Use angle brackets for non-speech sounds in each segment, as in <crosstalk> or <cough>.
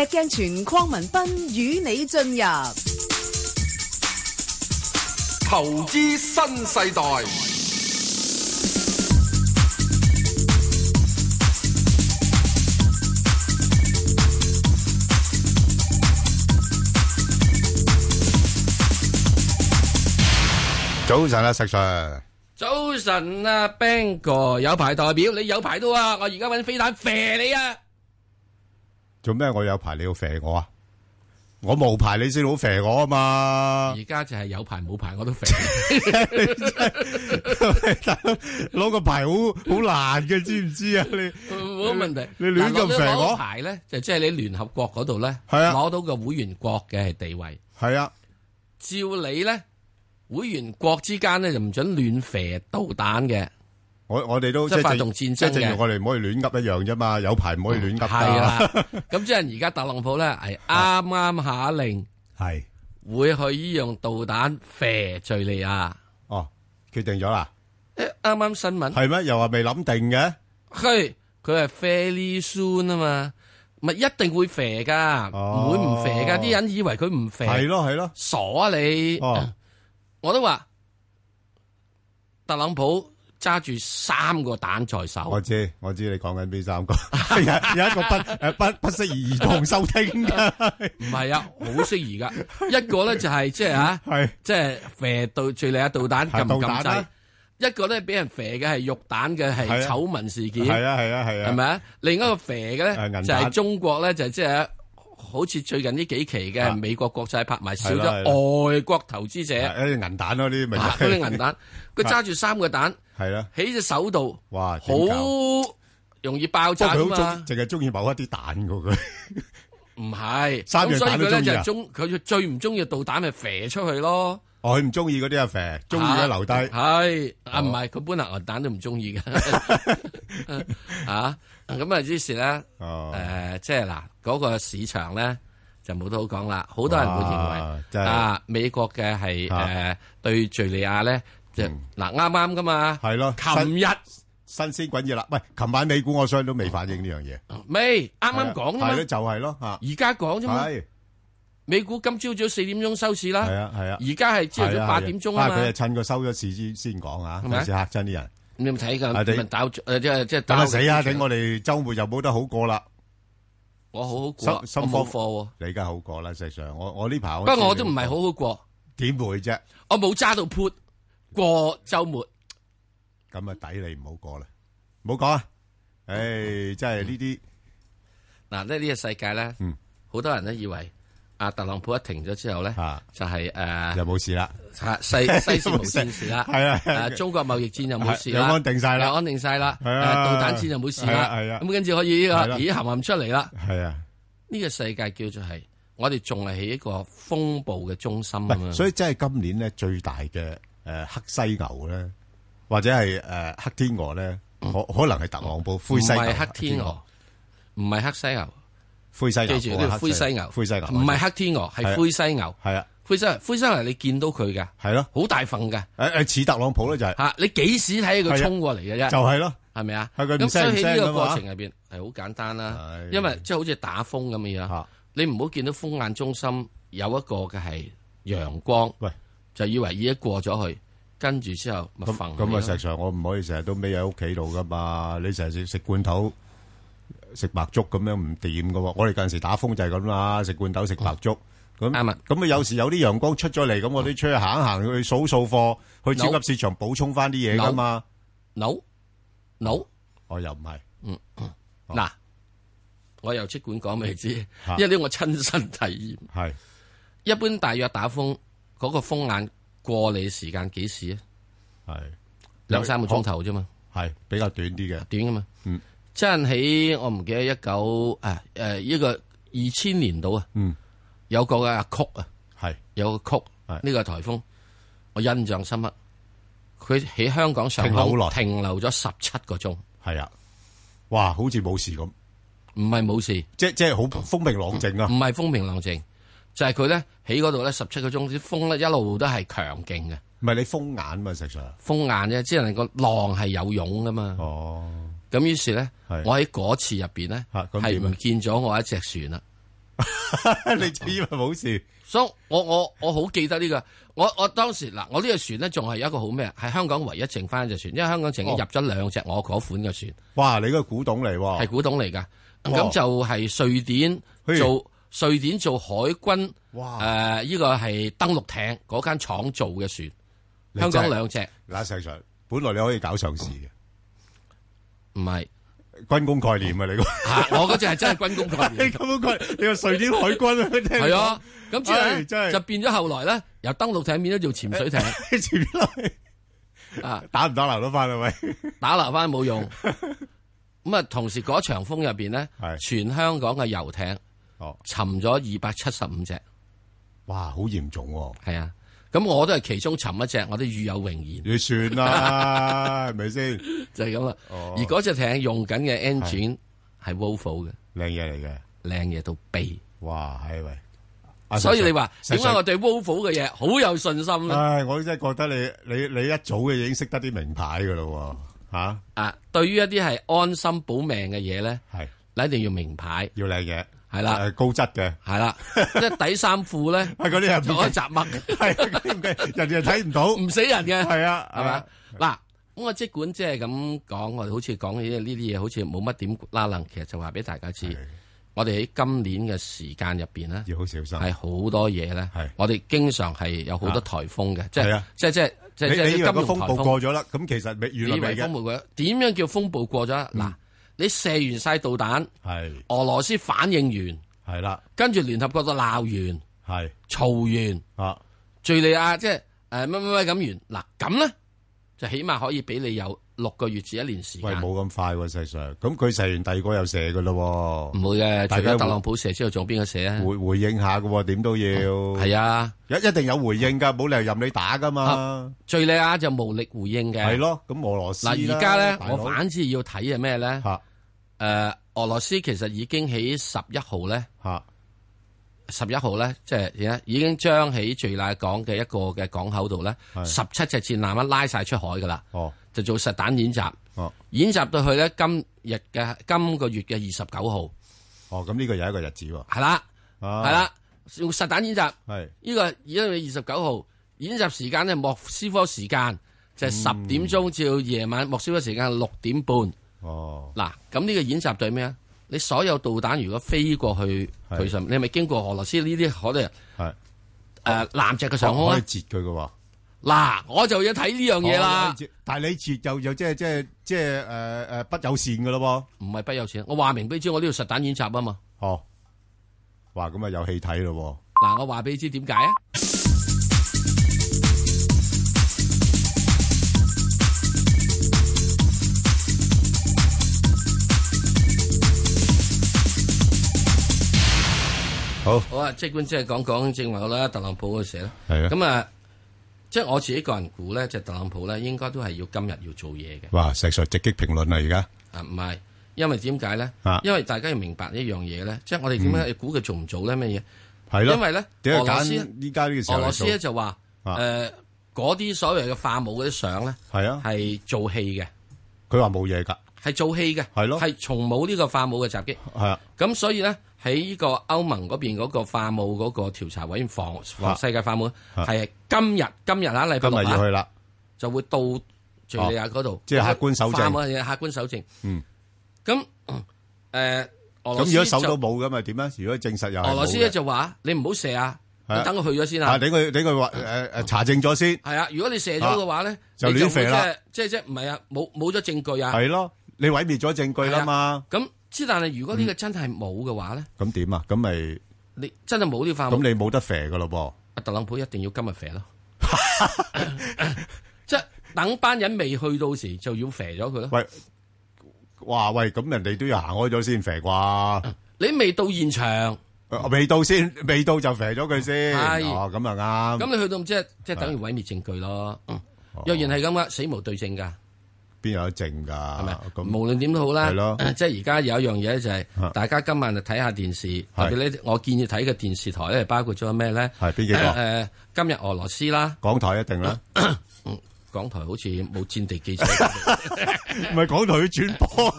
石鏡泉、鄺文斌與你進入投資新世代。早晨啊，石 Sir！早晨啊，Bingo 哥，有排代表你有排到啊，我而家搵飛彈射你啊！做咩？我有牌你要射我啊！我冇牌你先好射我啊嘛！而家就係有牌冇牌我都射。攞 <laughs> <laughs> <laughs> 個牌好好難嘅，知唔知啊？你冇問題。你亂咁射我？牌咧就即、是、係喺聯合國嗰度咧，攞、啊、到個會員國嘅地位。係啊，照你咧，會員國之間咧就唔准亂射導彈嘅。我我哋都即係發動戰爭，即係正如我哋唔可以亂噏一樣啫嘛，有排唔可以亂噏噶。係啦、哦，咁、啊、即係而家特朗普咧，係啱啱下令、啊，係會去呢樣導彈肥敘利亞。哦，決定咗啦？啱啱、欸、新聞係咩？又話未諗定嘅？係，佢係 fairly soon 啊嘛，咪一定會肥噶，唔、啊、會唔肥噶。啲人以為佢唔肥，係咯係咯，傻你！啊、我都話特朗普。揸住三個蛋在手我，我知我知你講緊邊三個，有 <laughs> 有一個不誒不不適宜兒童收聽嘅，唔 <laughs> 係啊，好適宜噶。一個咧就係即係嚇，即係肥到最叻嘅導彈撳唔撳得？一個咧俾人肥嘅係肉蛋嘅係醜聞事件，係啊係啊係啊，係咪啊？另一個肥嘅咧就係、是、彈中國咧就係即係。好似最近呢幾期嘅美國國債拍賣少咗外國投資者，一啲銀彈咯，呢啲咪嗰啲銀彈，佢揸住三個彈，係啦的，喺隻手度，哇，好容易爆炸啊！嘛，淨係中意某一啲彈嘅佢，唔係三樣彈都中意啊！佢最唔中意導彈咪飛出去咯，我唔中意嗰啲啊，飛，中意嘅留低，係啊，唔係佢本來銀彈都唔中意嘅，啊！咁啊！於是咧，誒，即係嗱，嗰個市場咧就冇得好講啦。好多人會認為啊，美國嘅係誒對敍利亞咧，就嗱啱啱噶嘛。係咯，琴日新鮮滾熱啦。喂，琴晚美股我相信都未反映呢樣嘢，未啱啱講啦。係咯，就係咯，而家講啫嘛。係美股今朝早四點鐘收市啦。係啊，係啊。而家係朝頭早八點鐘啊嘛。佢係趁佢收咗市先先講啊，還是嚇親啲人？你有冇睇㗎？唔係打住，誒即係即係打。死啊！等我哋周末就冇得好過啦。我好好心心放貨，你而家好過啦，實際上我我呢排。不過我都唔係好好過。點會啫？我冇揸到 put 過周末，咁啊抵你唔好過啦，唔好講啊！誒，真係呢啲嗱，呢呢個世界咧，嗯，好多人都以為。阿特朗普一停咗之後咧，就係誒又冇事啦，世世事無善事啦，係啊，中國貿易戰又冇事啦，安定曬啦，安定晒啦，導彈戰又冇事啦，咁跟住可以呢個咦含含出嚟啦，係啊，呢個世界叫做係我哋仲係喺一個風暴嘅中心，所以真係今年呢最大嘅誒黑犀牛咧，或者係誒黑天鵝咧，可可能係特朗普灰犀牛，黑天鵝，唔係黑犀牛。記住呢灰犀牛，灰犀牛唔係黑天鵝，係灰犀牛。係啊，灰犀牛，灰犀牛你見到佢嘅係咯，好大份嘅。誒誒，似特朗普咧就係吓，你幾時睇佢衝過嚟嘅啫？就係咯，係咪啊？咁喺呢個過程入邊係好簡單啦，因為即係好似打風咁嘅樣啊。你唔好見到風眼中心有一個嘅係陽光，喂，就以為已經過咗去，跟住之後咪瞓。咁咁啊，實情我唔可以成日都孭喺屋企度噶嘛？你成日食食罐頭。食白粥咁樣唔掂噶，我哋近時打風就係咁啦，食罐頭食白粥咁，咁啊有時有啲陽光出咗嚟，咁我哋出去行一行去數數貨，去超級市場補充翻啲嘢噶嘛。No no，我又唔係，嗯，嗱，我又即管講畀你知，因為呢我親身體驗，係一般大約打風嗰個風眼過你時間幾時啊？係兩三個鐘頭啫嘛，係比較短啲嘅，短啊嘛，嗯。真喺我唔記得一九誒誒一個二千年度啊，嗯、有個嘅曲啊，係是有個曲呢是個台風，我印象深刻。佢喺香港上空停留咗十七個鐘，係啊，哇，好似冇事咁，唔係冇事，即即係好風平浪靜啊，唔係、嗯、風平浪靜，就係佢咧喺嗰度咧十七個鐘，啲風咧一路都係強勁嘅，唔係你風眼嘛，實際上風眼啫，只、就、係、是、個浪係有湧噶嘛。哦咁於是咧、 <laughs> so,，我喺嗰次入邊咧，係唔見咗我一隻船啦。你仲以為冇事？所以我我我好記得呢、這個，我我當時嗱，我呢隻船咧仲係一個好咩？係香港唯一剩翻一隻船，因為香港曾經入咗兩隻我嗰款嘅船、哦。哇！你個古董嚟，係古董嚟噶。咁哇就係瑞典做瑞典做海軍。哇！誒、呃，呢、這個係登陸艇，嗰間廠做嘅船。香港兩隻。嗱，細船本來你可以搞上市嘅。唔係軍工概念啊！你個、 <laughs> <laughs> 啊，我嗰隻係真係軍工概念。咁樣貴，你個瑞典海軍啊？係啊，咁真係就變咗後來咧，由登陸艇變咗做潛水艇。潛水艇啊，打唔打撈得翻啊？咪打撈翻冇用。咁啊，同時嗰場風入邊咧，是全香港嘅遊艇沉，沉咗二百七十五隻。哇，好嚴重喎！係啊。咁我都係其中尋一隻，我都遇有榮言。你算啦，係咪先？就係咁啊！而嗰隻艇用緊嘅 engine 係 Volvo 嘅，靚嘢嚟嘅，靚嘢到痹。哇！係喂，所以你話點解我對 Volvo 嘅嘢好有信心咧？唉、哎，我真係覺得你你你一早嘅已經識得啲名牌嘅咯喎啊，對於一啲係安心保命嘅嘢咧，的你一定要名牌，要靚嘢。係啦，高質嘅係啦，即係底衫褲咧，嗰啲係亂夾雜物，係唔係？人哋又睇唔到，唔死人嘅，係啊，係嘛？嗱，咁我即管即係咁講，我哋好似講起呢啲嘢，好似冇乜點拉楞，其實就話俾大家知，我哋喺今年嘅時間入邊呢，要好小心，係好多嘢咧，係我哋經常係有好多台風嘅，即係即係即係即係，你以為個風暴過咗啦？咁其實以為風暴點樣叫風暴過咗啊？嗱。你射完晒導彈，係俄羅斯反應完，係啦，跟住聯合國都鬧完，係嘈完，啊，敘利亞即係誒，乜乜乜咁完，嗱咁咧就起碼可以俾你有六個月至一年時間。喂，冇咁快喎，世上。咁佢射完第二個又射噶啦，唔會嘅，除咗特朗普射之後，仲有邊個射啊？回回應下噶，點都要。係啊，一一定有回應噶，冇理由任你打噶嘛。敘利亞就無力回應嘅。係咯，咁俄羅斯嗱，而家咧我反之要睇係咩咧？誒、呃，俄羅斯其實已經喺十一號咧，吓十一號咧，即係已經將喺敘利亞港嘅一個嘅港口度咧，十七隻戰艦一拉晒出海噶啦，哦，就做實彈演習，哦，演習到去咧今日嘅今個月嘅二十九號，哦，咁呢個又一個日子喎、啊，係啦、啊，係啦，用實彈演習，係是呢個而家二十九號演習時間咧，莫斯科時間就十、是、點鐘、嗯、至到夜晚，莫斯科時間六點半，時半時。哦，嗱，咁呢個演習就係咩啊？你所有導彈如果飛過去其實上，你係咪經過俄羅斯呢啲可的人？係誒是，攔截嘅上空、哦、可以截佢嘅。嗱，我就要睇呢樣嘢啦。但係你截又又即係即係即係誒誒不友善嘅咯？唔係不友善，我話明俾你知，我都要實彈演習啊嘛。哦，話咁啊有戲睇咯。嗱，我話俾你知點解啊？好，好啊！即係講講正話啦，特朗普嗰時咧，咁啊，即係我自己個人估咧，就特朗普咧，應該都係要今日要做嘢嘅。哇！實在直擊評論啊，而家啊唔係，因為點解咧？因為大家要明白一樣嘢咧，即係我哋點解要估佢做唔做咧？乜嘢？係咯。因為咧，俄羅斯依家呢個時候，俄羅斯就話誒，嗰啲所謂嘅化武嗰啲相咧，係啊，係做戲嘅。佢話冇嘢㗎，係做戲嘅，係咯，係從冇呢個化武嘅襲擊。係啊，咁所以咧。喺呢個歐盟嗰邊嗰個化武嗰個調查委員訪訪世界化武，係今日今日啊，禮拜日就去啦，就會到敘利亞嗰度，即係客觀守證。化武嘢，客觀守證。嗯，咁誒，俄羅斯，咁如果守到冇咁，咪點咧？如果證實有，俄羅斯咧就話，你唔好射啊，你等佢去咗先啊。等佢等佢話誒誒查證咗先。係啊，如果你射咗嘅話咧，就亂肥啦，即係即係唔係啊？冇冇咗證據啊？係咯，你毀滅咗證據啦嘛？咁。之但係如果呢個真係冇嘅話咧，咁點啊？咁咪你真係冇呢塊面？咁你冇得肥噶咯噃？阿特朗普一定要今日肥咯， <laughs> <laughs> 即係等班人未去到時就要肥咗佢咯。喂，哇喂，咁人哋都要行開咗先肥啩？你未到現場，啊，未到先，未到就肥咗佢先。咁啊啱。咁，哦，你去到即係即係等於毀滅證據咯，啊嗯。若然係咁啊，死無對證噶。邊有得剩噶？咁樣無論點都好啦， <coughs> 即係而家有一樣嘢咧，就係 <coughs> 大家今晚就睇下電視。 <coughs> 特別我建議睇嘅電視台咧，包括咗咩咧？係邊幾個？誒、呃呃，今日俄羅斯啦，港台一定啦。 <coughs> <coughs> 港台好似冇戰地記者，唔係港台要轉播，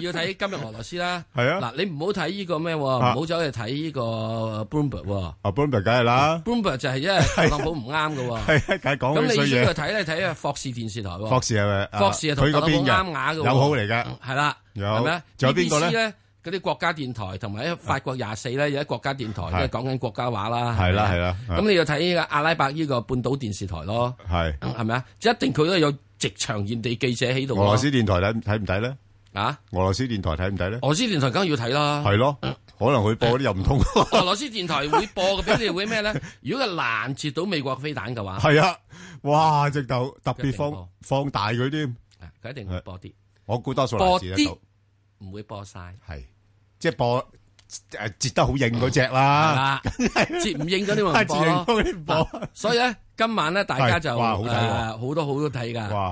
要睇今日俄羅斯啦。係啊，嗱，你唔好睇呢個咩，唔好走去睇呢個 Bloomberg。啊，Bloomberg 梗係啦，Bloomberg 就係因為特朗普唔啱噶，係啊，梗係講佢衰嘢。咁你依個睇咧睇啊，Fox 電視台，Fox 係咪？Fox 係同特朗普啱牙嘅，友好嚟噶，係啦，有係咩？仲有邊個咧？嗰啲國家電台同埋喺法國廿四咧，有啲國家電台都係講緊國家話啦。係啦係啦。咁你要睇呢個阿拉伯呢個半島電視台咯。係，係咪啊？一定佢都有直場現地記者喺度。俄羅斯電台睇睇唔睇咧？啊，俄羅斯電台睇唔睇咧？俄羅斯電台梗係要睇啦。係咯，可能佢播啲又唔通。俄羅斯電台會播嘅俾你會咩咧？如果佢攔截到美國飛彈嘅話，係啊！哇，直頭特別放放大佢啲。啊，佢一定會播啲。我估多數。播啲唔會播晒。係。即係播誒，截得好硬嗰隻啦，係截唔應嗰啲咪播，所以咧今晚咧大家就誒好多好多睇噶，哇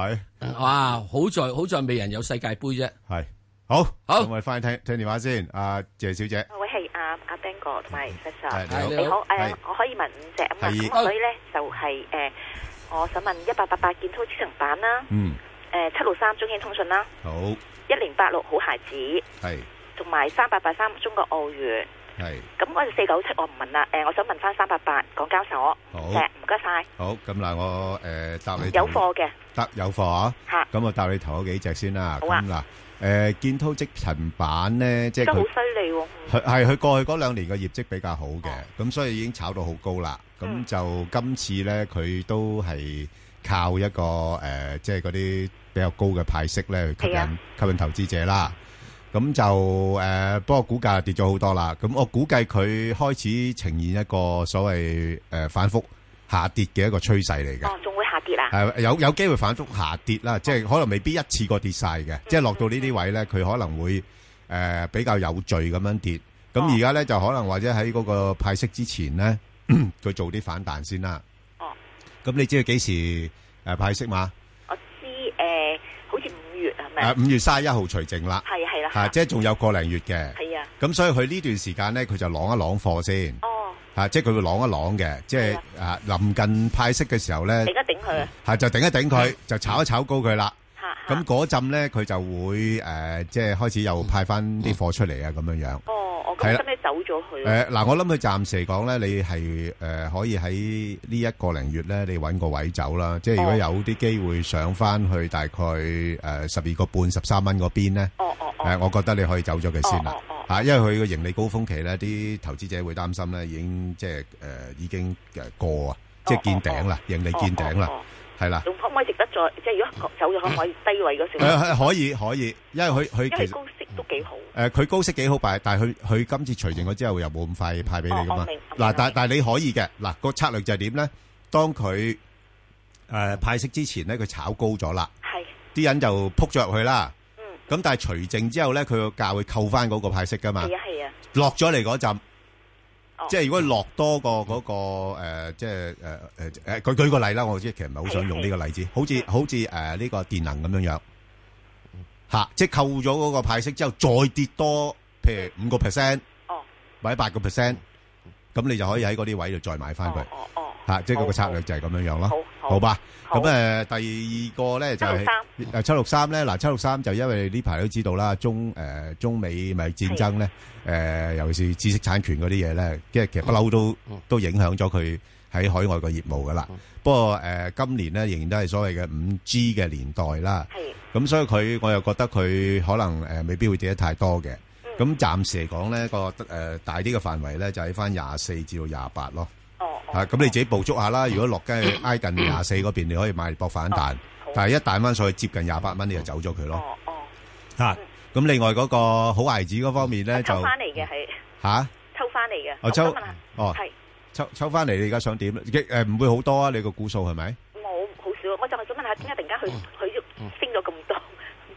哇好在好在未人有世界盃啫，係好好。我翻去聽聽電話先，阿謝小姐，我係阿阿 Ben 哥同埋 Sasha，你好，誒，我可以問五隻啊嘛，所以咧就係誒，我想問一八八八建滔超層板啦，嗯，誒七六三中興通訊啦，好一零八六好孩子係。同埋三八八三中國奧園係，咁我四九七我唔問啦。誒，我想問翻三八八港交所，好唔該晒。好，咁嗱我誒答你有貨嘅，得有貨啊吓。咁我答你頭嗰幾隻先啦。好啊。咁嗱，誒建滔積層板咧，即係都好犀利喎。係係佢過去嗰兩年嘅業績比較好嘅，咁所以已經炒到好高啦。咁就今次咧，佢都係靠一個誒，即係嗰啲比較高嘅派息咧，去吸引吸引投資者啦。咁就誒，不過股價跌咗好多啦。咁我估計佢開始呈現一個所謂誒反覆下跌嘅一個趨勢嚟嘅。哦，仲會下跌啊？係有有機會反覆下跌啦，即係可能未必一次過跌晒嘅。嗯、即係落到呢啲位咧，佢可能會誒、呃、比較有序咁樣跌。咁而家咧就可能或者喺嗰個派息之前咧，佢做啲反彈先啦。哦。咁、嗯、你知佢幾時誒派息嘛？我知誒、呃，好似五月係咪啊？五月三十一號除淨啦。係。啊，即係仲有個零月嘅。咁、啊啊、所以佢呢段時間咧，佢就晾一晾貨先。哦，啊，即係佢會晾一晾嘅，即係啊，臨、啊、近派息嘅時候咧，頂、啊、一頂佢，係就頂一頂佢，就炒一炒高佢啦。吓，咁嗰陣咧，佢、啊、就會誒、啊，即係開始又派翻啲貨出嚟啊，咁樣樣。嗯哦係，咁你走咗去誒？嗱，我諗佢暫時嚟講咧，你係誒可以喺呢一個零月咧，你揾個位走啦。即係如果有啲機會上翻去大概誒十二個半、十三蚊嗰邊咧，誒，我覺得你可以走咗佢先啦。嚇，因為佢個盈利高峯期咧，啲投資者會擔心咧，已經即係誒已經誒過啊，即係見頂啦，盈利見頂啦，係啦。仲可唔可以值得再？即係如果走咗可唔可以低位嗰時？誒係可以可以，因為佢佢。都幾好，誒，佢高息幾好，但係但係佢佢今次除淨咗之後又冇咁快派俾你噶嘛？嗱，但但係你可以嘅，嗱個策略就係點咧？當佢誒派息之前咧，佢炒高咗啦，啲人就撲咗入去啦。咁但係除淨之後咧，佢個價會扣翻嗰個派息噶嘛？係啊係啊，落咗嚟嗰陣，即係如果落多個嗰個誒，即係誒誒誒，舉舉個例啦，我即係其實唔係好想用呢個例子，好似好似誒呢個電能咁樣樣。啊！即係扣咗嗰個派息之後，再跌多，譬如五個 percent，或者八個 percent，咁你就可以喺嗰啲位度再買翻佢。啊！即係個策略就係咁樣樣咯。好，好吧。咁誒，第二個咧就係誒，七六三咧嗱，七六三就因為呢排都知道啦，中誒中美咪戰爭咧，誒，尤其是知識產權嗰啲嘢咧，即係其實不嬲都都影響咗佢。喺海外個業務噶啦，不過誒今年咧仍然都係所謂嘅五 G 嘅年代啦。係，咁所以佢我又覺得佢可能誒未必會跌得太多嘅。咁暫時嚟講咧，個誒大啲嘅範圍咧就喺翻廿四至到廿八咯。哦，嚇咁你自己捕捉下啦。如果落街挨近廿四嗰邊，你可以買嚟博反彈。但係一彈翻上去接近廿八蚊，你就走咗佢咯。哦哦。咁另外嗰個好孩子嗰方面咧就偷翻嚟嘅係嚇抽翻嚟嘅。我抽哦。係。抽抽翻嚟，你而家想點？亦誒唔會好多啊？你個股數係咪？冇，好少。我就係想問下，點解突然間佢佢升咗咁多？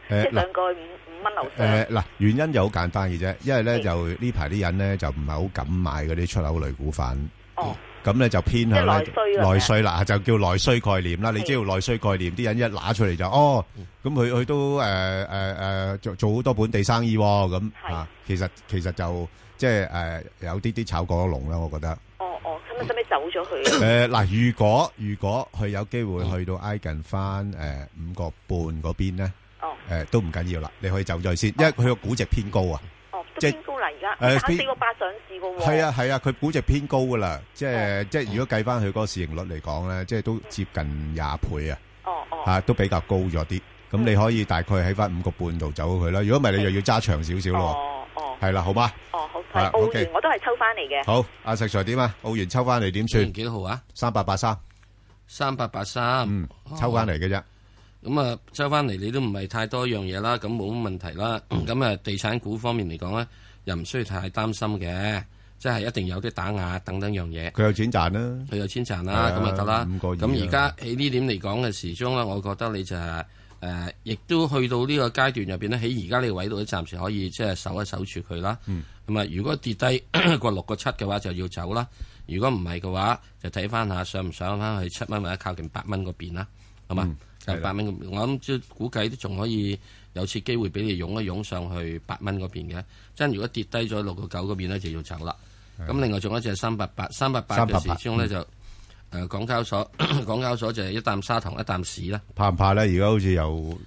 即係兩個五五蚊樓升。誒嗱，原因就好簡單嘅啫，因為咧就呢排啲人咧就唔係好敢買嗰啲出口類股份。哦，咁咧就偏向內需啦，就叫內需概念啦。你只要內需概念，啲人一拿出嚟就哦，咁佢佢都誒誒誒做做好多本地生意喎。咁啊，其實其實就即係誒有啲啲炒過龍啦，我覺得。哦哦，使咪使咪走咗佢？誒，嗱，如果如果佢有機會去到挨近翻誒五個半嗰邊咧，哦，誒都唔緊要啦，你可以走咗去先，因為佢個估值偏高啊。哦，都偏高啦而家，誒啱四個八上市噶喎。係啊係啊，佢估值偏高噶啦，即係即係如果計翻佢嗰個市盈率嚟講咧，即係都接近廿倍啊。哦哦，吓都比較高咗啲，咁你可以大概喺翻五個半度走佢啦。如果唔係，你又要揸長少少咯。哦，係啦，好嘛？哦，好，係澳元，我都係抽翻嚟嘅。好，阿石財點啊？澳元抽翻嚟點算？幾多號啊？三八八三，三八八三，嗯，抽翻嚟嘅啫。咁啊，抽翻嚟你都唔係太多樣嘢啦，咁冇乜問題啦。咁啊，地產股方面嚟講咧，又唔需要太擔心嘅，即係一定有啲打壓等等樣嘢。佢有錢賺啦，佢有錢賺啦，咁就得啦。五個億。咁而家喺呢點嚟講嘅始終咧，我覺得你就係。誒、呃，亦都去到呢個階段入邊咧，喺而家呢個位度都暫時可以即係守一守住佢啦。咁啊、嗯，如果跌低過六個七嘅話，就要走啦。如果唔係嘅話，就睇翻下上唔上翻去七蚊或者靠近八蚊嗰邊啦。係嘛、嗯，就八蚊。的我諗即估計都仲可以有次機會俾你湧一湧上去八蚊嗰邊嘅。即係如果跌低咗六個九嗰邊咧，就要走啦。咁的另外仲有一隻三八八，三八八，其中咧就。誒，港交所，港交所就係一啖砂糖，一啖屎啦。怕唔怕咧？而家好似有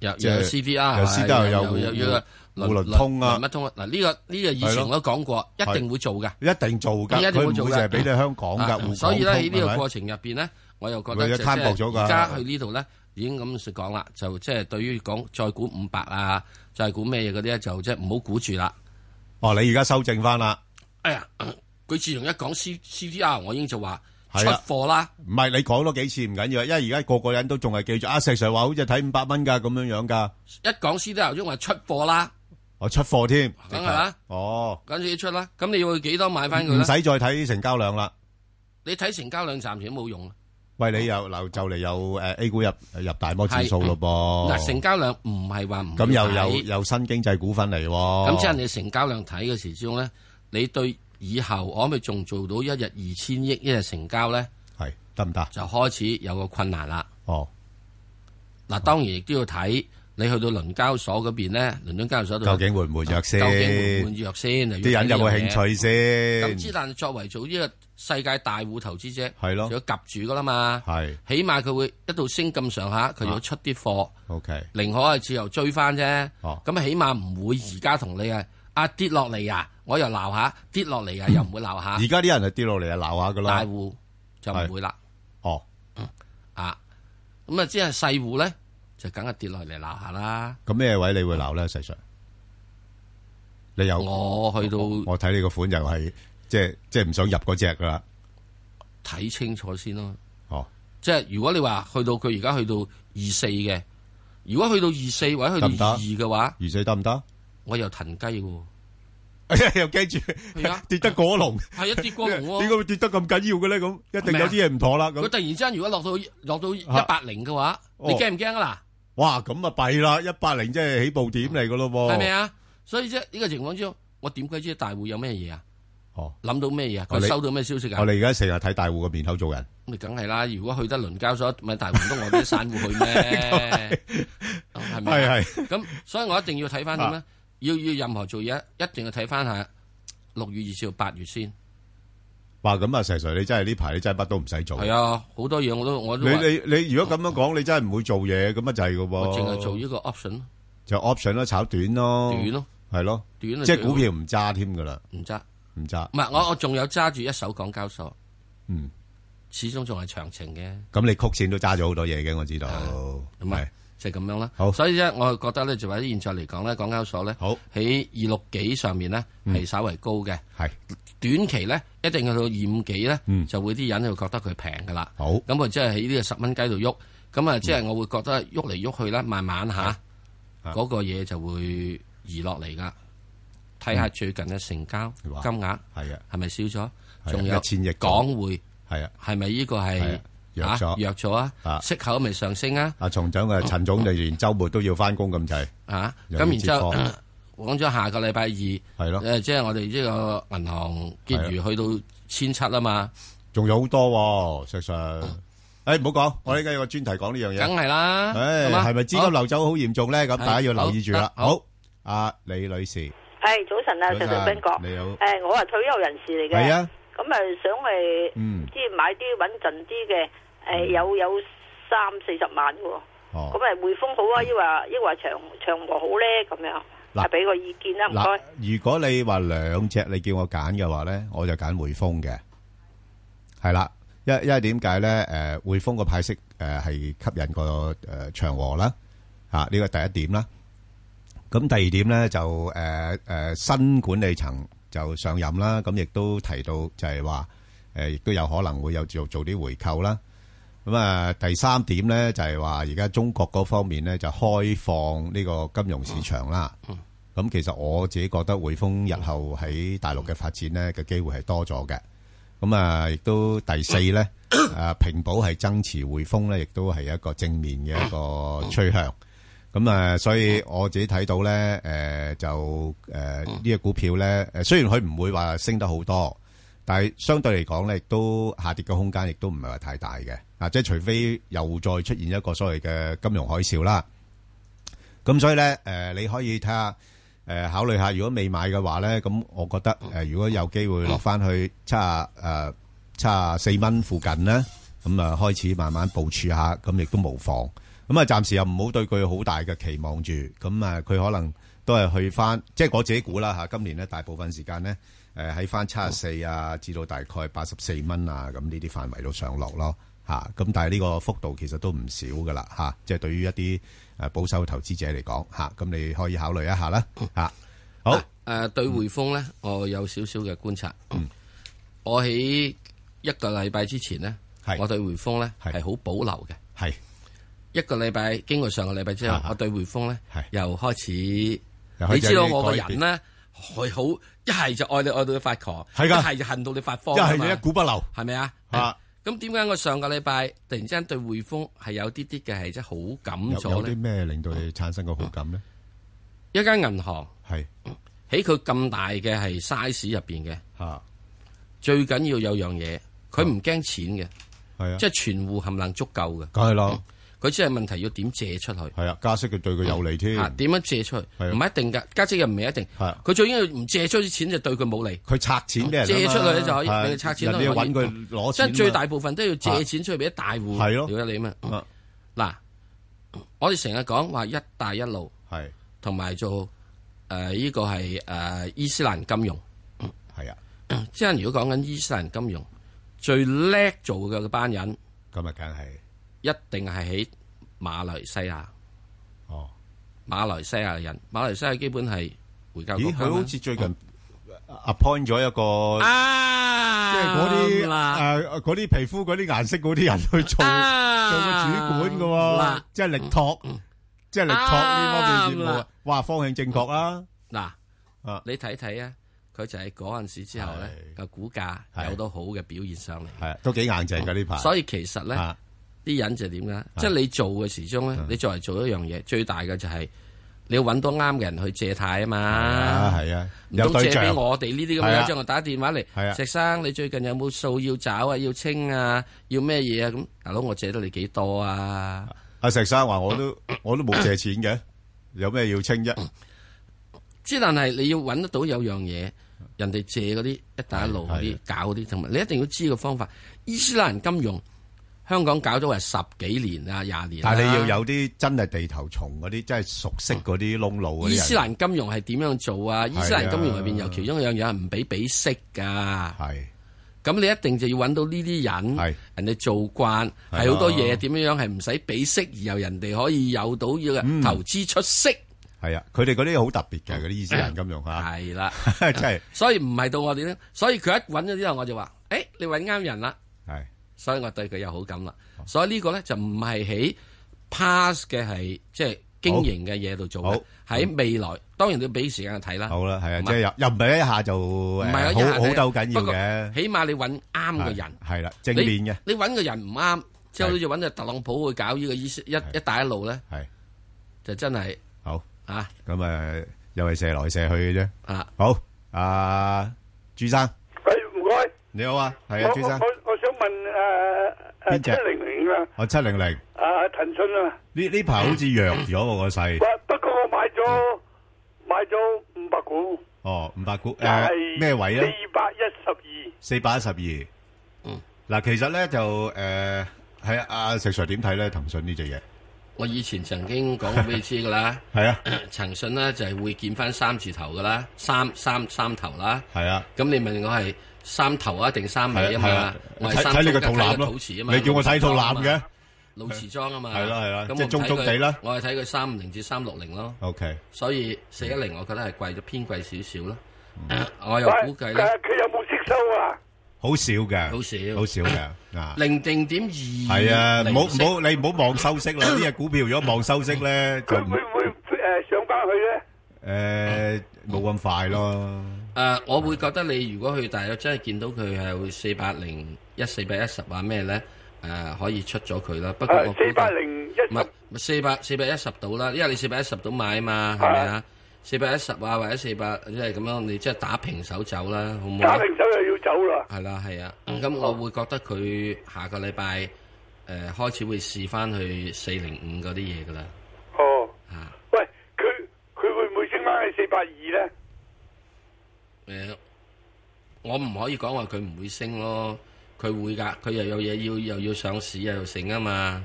有有 C D R，又又有互聯互通啊，乜通啊？嗱，呢個呢個以前我都講過，一定會做嘅，一定做嘅，一定會做嘅，俾你香港噶。所以咧喺呢個過程入邊咧，我又覺得即係而家去呢度咧，已經咁講啦，就即係對於講再估五百啊，再估咩嘢嗰啲咧，就即係唔好估住啦。哦，你而家修正翻啦。哎呀，佢自從一講 C C D R，我已經就話。係啦，出貨啦，唔係你講多幾次唔緊要，因為而家個個人都仲係記住啊。石 Sir 話好似睇五百蚊噶咁樣樣噶，一講 C D A 中係出貨啦，哦，出貨添，梗係啦，哦，咁先出啦，咁你要幾多買翻佢咧？唔使再睇成交量啦，你睇成交量暫時冇用。喂，你又嗱就嚟，有誒 A 股入入大摩指數咯噃？嗱，成交量唔係話唔咁又有有新經濟股份嚟，咁即係你成交量睇嘅時中咧，你對？以後我可唔可以仲做到一日二千億一日成交咧，係得唔得？就開始有個困難啦。哦，嗱，當然亦都要睇你去到倫交所嗰邊咧，倫敦交所究竟會唔會弱先？究竟會唔會弱先？啲人有冇興趣先？咁之但作為做呢個世界大戶投資者，係咯，就要夾住噶啦嘛。係，起碼佢會一度升咁上下，佢要出啲貨。O K，寧可係自由追翻啫。哦，咁起碼唔會而家同你係。啊跌落嚟啊，我又撈下跌落嚟啊，又唔會撈下。而家啲人係跌落嚟啊，撈下噶啦。大戶就唔會啦。哦，啊，咁啊，即係細戶咧，就梗係跌落嚟撈下啦。咁咩位你會撈咧？細叔，你由我去到我睇你個款又係即係即係唔想入嗰隻噶啦。睇清楚先咯，啊。哦，即係如果你話去到佢而家去到二四嘅，如果去到二四或者去到二二嘅話，二四得唔得？我又騰雞喎，又驚住跌得過龍，係啊跌過龍喎，點解會跌得咁緊要嘅咧？咁一定有啲嘢唔妥啦。佢突然之間如果落到落到一百零嘅話，你驚唔驚啊？嗱，哇咁啊弊啦！一百零即係起步點嚟嘅咯噃，係咪啊？所以即係呢個情況之下，我點知大戶有咩嘢啊？哦，諗到咩嘢啊？佢收到咩消息啊？我哋而家成日睇大戶嘅面口做人，咁你梗係啦。如果去得輪交所，咪大盤都外邊散戶去咩？係係。咁所以我一定要睇翻點咧。要要任何做嘢，一定要睇翻下六月二兆八月先。哇！咁啊，石 Sir，你真係呢排你真係乜都唔使做。係啊，好多嘢我都我。你你你如果咁樣講，你真係唔會做嘢，咁啊就係噶噃。我淨係做呢個 option。就 option 咯，炒短咯。咯，係咯。即係股票唔揸添噶啦。唔揸，唔揸。唔係，我我仲有揸住一手港交所。嗯，始終仲係長情嘅。咁你曲線都揸咗好多嘢嘅，我知道。係。就咁樣啦，好，所以咧，我係覺得咧，就喺現在嚟講咧，港交所咧，喺二六幾上面咧，係稍為高嘅。係短期咧，一定要去到二五幾咧，就會啲人就覺得佢平噶啦。好，咁啊，即係喺呢個十蚊雞度喐，咁啊，即係我會覺得喐嚟喐去咧，慢慢吓嗰個嘢就會移落嚟噶。睇下最近嘅成交金額係啊，係咪少咗？仲有港匯係啊，係咪呢個係？約咗，約咗啊！息口未上升啊！阿松總啊，陳總就連周末都要翻工咁滯啊！咁然之後，講咗下個禮拜二係咯，誒，即係我哋呢個銀行結餘去到千七啦嘛，仲有好多，事實上，誒，唔好講，我呢家有個專題講呢樣嘢，梗係啦，誒，係咪資金流走好嚴重咧？咁大家要留意住啦。好，阿李女士，係早晨啊，陳生哥，你好，誒，我係退休人士嚟嘅。係啊。咁咪想係，即係買啲穩陣啲嘅，誒有有三四十萬嘅，咁咪匯豐好啊？抑或抑或長長和好咧，咁樣，嗱俾個意見啦，唔該。如果你話兩隻你叫我揀嘅話咧，我就揀匯豐嘅，係啦，因為因為點解咧？誒匯豐個派息誒係吸引個誒長和啦，吓呢個第一點啦。咁第二點咧就誒誒新管理層就上任啦，咁亦都提到就係話，誒亦都有可能會有做做啲回購啦。咁啊，第三點咧就係話，而家中國嗰方面咧就開放呢個金融市場啦。咁、啊、其實我自己覺得匯豐日後喺大陸嘅發展咧嘅機會係多咗嘅。咁啊，亦都第四咧啊，平保係增持匯豐咧，亦都係一個正面嘅一個趨向。咁啊、嗯，所以我自己睇到咧，誒、呃、就誒呢隻股票咧，誒雖然佢唔會話升得好多，但係相對嚟講咧，亦都下跌嘅空間亦都唔係話太大嘅，啊，即係除非又再出現一個所謂嘅金融海嘯啦。咁、啊、所以咧，誒、呃、你可以睇下，誒、呃、考慮下，如果未買嘅話咧，咁我覺得誒、呃、如果有機會落翻去七十誒七十四蚊附近咧，咁就開始慢慢部署下，咁亦都無妨。咁啊，暫時又唔好對佢好大嘅期望住，咁啊，佢可能都係去翻，即係我自己估啦吓。今年咧，大部分時間呢，誒喺翻七十四啊，至到大概八十四蚊啊，咁呢啲範圍度上落咯，吓。咁但係呢個幅度其實都唔少噶啦，吓。即係對於一啲誒保守嘅投資者嚟講，吓，咁你可以考慮一下啦，吓。好，誒、啊呃，對滙豐呢，我有少少嘅觀察。嗯、我喺一個禮拜之前呢，是我對滙豐呢係好是保留嘅，係。一個禮拜經過上個禮拜之後，我對匯豐咧又開始。你知道我個人咧，係好一係就愛你愛到你發狂，係一係就恨到你發瘋，一係你一股不留，係咪啊？咁點解我上個禮拜突然之間對匯豐係有啲啲嘅係即係好感咗咧？有啲咩令到你產生個好感咧？一間銀行係喺佢咁大嘅係 size 入邊嘅吓，最緊要有樣嘢，佢唔驚錢嘅，係啊，即係存戶冚唪唥足夠嘅，梗係啦。佢只係問題要點借出去？係啊，加息佢對佢有利添。點樣借出去？唔係一定噶，加息又唔係一定。佢最緊要唔借出啲錢就對佢冇利，佢拆錢嘅，人？借出去就可以，你拆錢搵佢攞。真係最大部分都要借錢出去俾大戶，了解你嘛？嗱，我哋成日講話一帶一路，係同埋做誒呢個係誒伊斯蘭金融，係啊。即係如果講緊伊斯蘭金融最叻做嘅班人，咁啊，梗係。一定係喺馬來西亞，哦，馬來西亞人，馬來西亞基本係回教。咦，佢好似最近 appoint 咗一個，即係嗰啲誒嗰啲皮膚嗰啲顏色嗰啲人去做做個主管噶喎，即係力拓，即係力拓呢方面業務啊，哇，方向正確啦。嗱，你睇睇啊，佢就喺嗰陣時之後咧個股價有到好嘅表現上嚟，係都幾硬淨噶呢排。所以其實咧。啲人就點噶，是的 即係你做嘅時鐘咧，你作為做一樣嘢，最大嘅就係你要揾到啱嘅人去借貸啊嘛。啊，係啊，唔通借俾我哋呢啲咁嘅人，我是的 打電話嚟，是的 石生你最近有冇數要找啊，要清啊，要咩嘢啊？咁大佬我借得你幾多啊？阿石生話我都我都冇借錢嘅， <coughs> 有咩要清啫？即係但係你要揾得到有樣嘢，人哋借嗰啲一帶一路嗰啲是的 搞嗰啲同埋，你一定要知個方法，伊斯蘭金融。香港搞咗係十幾年啦，廿年。但係你要有啲真係地頭蟲嗰啲，真係熟悉嗰啲窿路。嘅伊斯蘭金融係點樣做啊？伊斯蘭金融入邊有其中一樣嘢，唔俾俾息噶。係，咁你一定就要揾到呢啲人，人哋做慣，係好多嘢點樣，係唔使俾息，而又人哋可以有到要投資出息。係啊，佢哋嗰啲好特別嘅，嗰啲伊斯蘭金融吓。係啦，即係，所以唔係到我哋咧，所以佢一揾咗之後，我就話：誒，你揾啱人啦。係。所以我對佢有好感啦。所以呢個咧就唔係喺 pass 嘅係即係經營嘅嘢度做嘅。喺未來，當然要俾時間去睇啦。好啦，係啊，即係又又唔係一下就唔係啊，一好都好緊要嘅。起碼你揾啱嘅人係啦，正面嘅。你揾嘅人唔啱，之後你就揾阿特朗普去搞呢個伊斯一一帶一路咧。係就真係好啊。咁誒又係射來射去嘅啫。啊，好啊，朱生。誒，唔該。你好啊，係啊，朱生。七零零啊！我七零零。啊，騰訊啊！呢呢排好似弱咗喎，個勢。不過我買咗買咗五百股。哦，五百股，誒，咩位啊？四百一十二。四百一十二。嗯，嗱，其實咧就誒，係阿石 Sir 點睇咧騰訊呢隻嘢？我以前曾經講俾你知噶啦。係啊，騰訊咧就係會見翻三字頭噶啦，三三三頭啦。係啊，咁你問我係。三頭啊定三尾啊嘛，睇睇你個肚腩咯，你叫我睇肚腩嘅，老持裝啊嘛，咁我足足地啦，我係睇佢三五零至三六零咯。OK，所以四一零我覺得係貴咗偏貴少少咯，我又估計咧，佢有冇息收啊？好少嘅，好少，好少嘅啊。零定點二，係啊，唔好唔好，你唔好望收息啦，呢隻股票如果望收息咧，佢會唔會誒上翻去咧？誒，冇咁快咯。誒，uh, 我會覺得你如果去，大約真係見到佢係會四百零一、四百一十啊咩咧？誒、uh，可以出咗佢啦。不過我四百零一唔係，咪四百四百一十到啦？因為你四百一十到買嘛，係咪啊？四百一十啊，或者四百，即係咁樣，你即係打平手走啦，好唔好？打平手又要走啦？係啦，係啊。咁我會覺得佢下個禮拜誒、呃、開始會試翻去四零五嗰啲嘢噶啦。哦、uh, 的，吓，喂，佢佢會唔會升翻去四百二咧？誒、呃，我唔可以講話佢唔會升咯，佢會噶，佢又有嘢要又要上市又成啊嘛，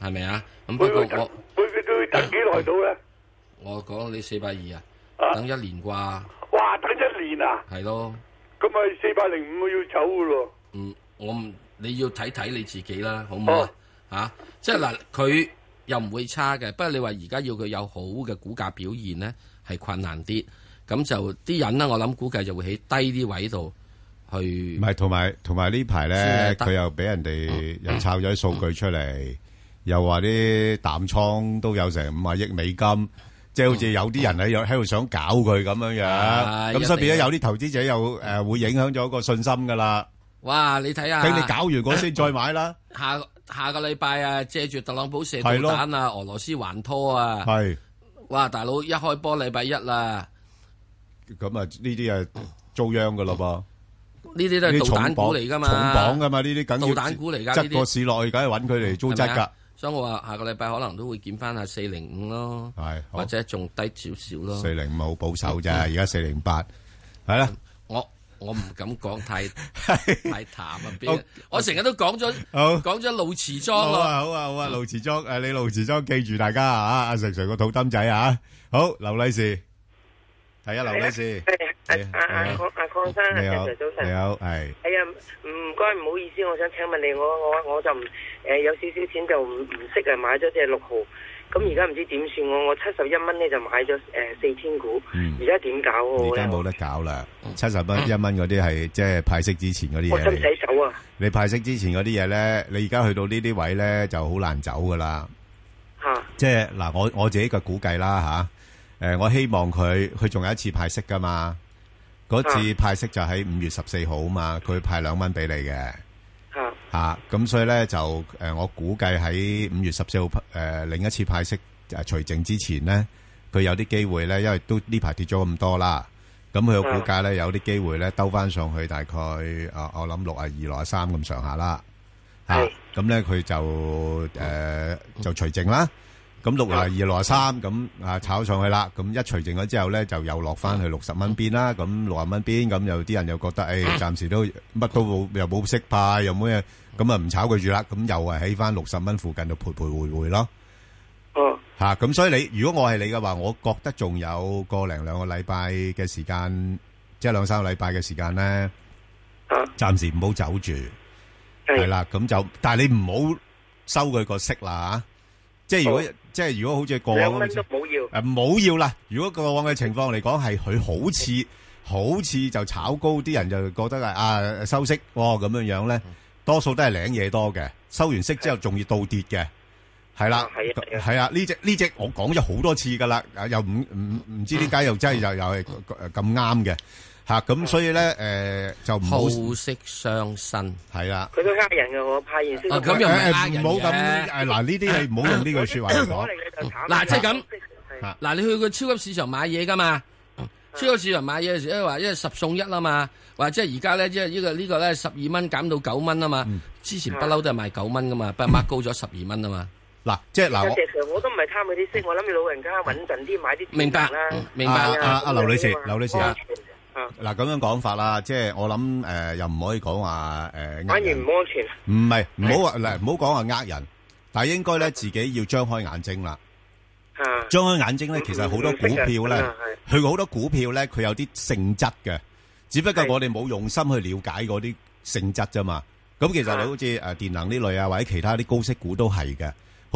係咪、嗯、啊？咁、嗯、不，不過我佢佢佢等幾耐到咧？我講你四百二啊，啊等一年啩？哇，等一年啊？係咯。咁咪四百零五我要走噶咯？嗯，我唔你要睇睇你自己啦，好唔好啊？吓、啊，即係嗱，佢、呃、又唔會差嘅，不過你話而家要佢有好嘅股價表現咧，係困難啲。咁就啲人咧，我諗估計就會喺低啲位度去。唔係，同埋同埋呢排咧，佢又俾人哋又抄咗啲數據出嚟，又話啲淡倉都有成五啊億美金，即係好似有啲人喺度喺度想搞佢咁樣樣。咁所以變咗有啲投資者又誒會影響咗個信心㗎啦。哇！你睇下，等你搞完嗰先再買啦。下下個禮拜啊，借住特朗普射導彈啊，俄羅斯還拖啊，係哇！大佬一開波禮拜一啦。咁啊！呢啲啊遭殃噶喇噃，呢啲都係重磅嚟噶嘛，重磅噶嘛呢啲，重磅股嚟噶呢啲，執個市落去，梗係揾佢嚟做真噶。所以我話下個禮拜可能都會見翻下四零五咯，或者仲低少少咯。四零五好保守咋，而家四零八係啦。我我唔敢講太太淡啊！邊我成日都講咗，講咗路慈莊啦。好啊好啊好啊，路慈莊誒，你路慈莊記住大家啊，阿成成個肚燈仔啊，好劉麗士。係啊劉女士。係阿阿阿阿鄺生，早 <noise> 啊，早、啊、晨、啊啊啊。 <noise> 你好係。哎呀安，唔該唔好意思，我想請問你，我我我就唔誒有少少錢就唔唔識啊，買咗隻六號，咁而家唔知點算我，我七十一蚊咧就買咗誒四千股，而家點搞？而家冇得搞啦，七十蚊一蚊嗰啲係即係派息之前嗰啲嘢。我真唔抵走啊！你派息之前嗰啲嘢咧，你而家去到呢啲位咧就好難走噶、啊、啦。啊！即係嗱，我我自己嘅估計啦吓。誒、呃，我希望佢佢仲有一次派息噶嘛？嗰次派息就喺五月十四號啊嘛，佢派兩蚊俾你嘅。吓、啊，咁、啊、所以咧就誒、呃，我估計喺五月十四號誒，另一次派息誒、呃、除淨之前咧，佢有啲機會咧，因為都呢排跌咗咁多啦，咁佢嘅股價咧有啲機會咧兜翻上去，大概誒、呃，我諗六啊二、六是啊三咁上下啦。係，咁咧佢就誒、呃、就除淨啦。咁六啊二六啊三咁啊炒上去啦，咁一除淨咗之後咧，就又落翻去六十蚊邊啦。咁六十蚊邊，咁有啲人又覺得誒，暫時都乜都冇，又冇息派，又冇咩，咁啊唔炒佢住啦。咁又係喺翻六十蚊附近度徘徊回回咯。哦、吓，咁所以你如果我係你嘅話，我覺得仲有個零兩個禮拜嘅時間，即係兩三個禮拜嘅時間咧，暫時唔好走住係啦。咁就但係你唔好收佢個息啦，吓，即係如果。即係如果好似過往，誒冇要啦、呃。如果過往嘅情況嚟講，係佢好似好似就炒高，啲人就覺得係啊收息，哇、哦、咁樣樣咧，多數都係領嘢多嘅，收完息之後仲要倒跌嘅。係啦，係啊，呢隻呢隻我講咗好多次噶啦，又唔唔唔知點解又真係又又係咁啱嘅吓，咁所以咧誒就唔好色傷身，係啦，佢都呃人嘅，我派完先，咁又呃人嘅。嗱，呢啲係唔好用呢句説話講。嗱，即係咁。嗱，你去個超級市場買嘢噶嘛，超級市場買嘢時因為因為十送一啦嘛，或者係而家咧即係呢個呢個咧十二蚊減到九蚊啊嘛，之前不嬲都係賣九蚊噶嘛，不過抹高咗十二蚊啊嘛。嗱，即係嗱，我都唔係貪佢啲升，我諗你老人家穩陣啲買啲錢，明白啦，明白啊啊啊！劉女士，劉女士啊，嗱咁樣講法啦，即係我諗誒，又唔可以講話誒，反而唔安全。唔係唔好話嗱，唔好講話呃人，但係應該咧，自己要張開眼睛啦。嗯，張開眼睛咧，其實好多股票咧，佢好多股票咧，佢有啲性質嘅，只不過我哋冇用心去了解嗰啲性質啫嘛。咁其實你好似誒電能呢類啊，或者其他啲高息股都係嘅。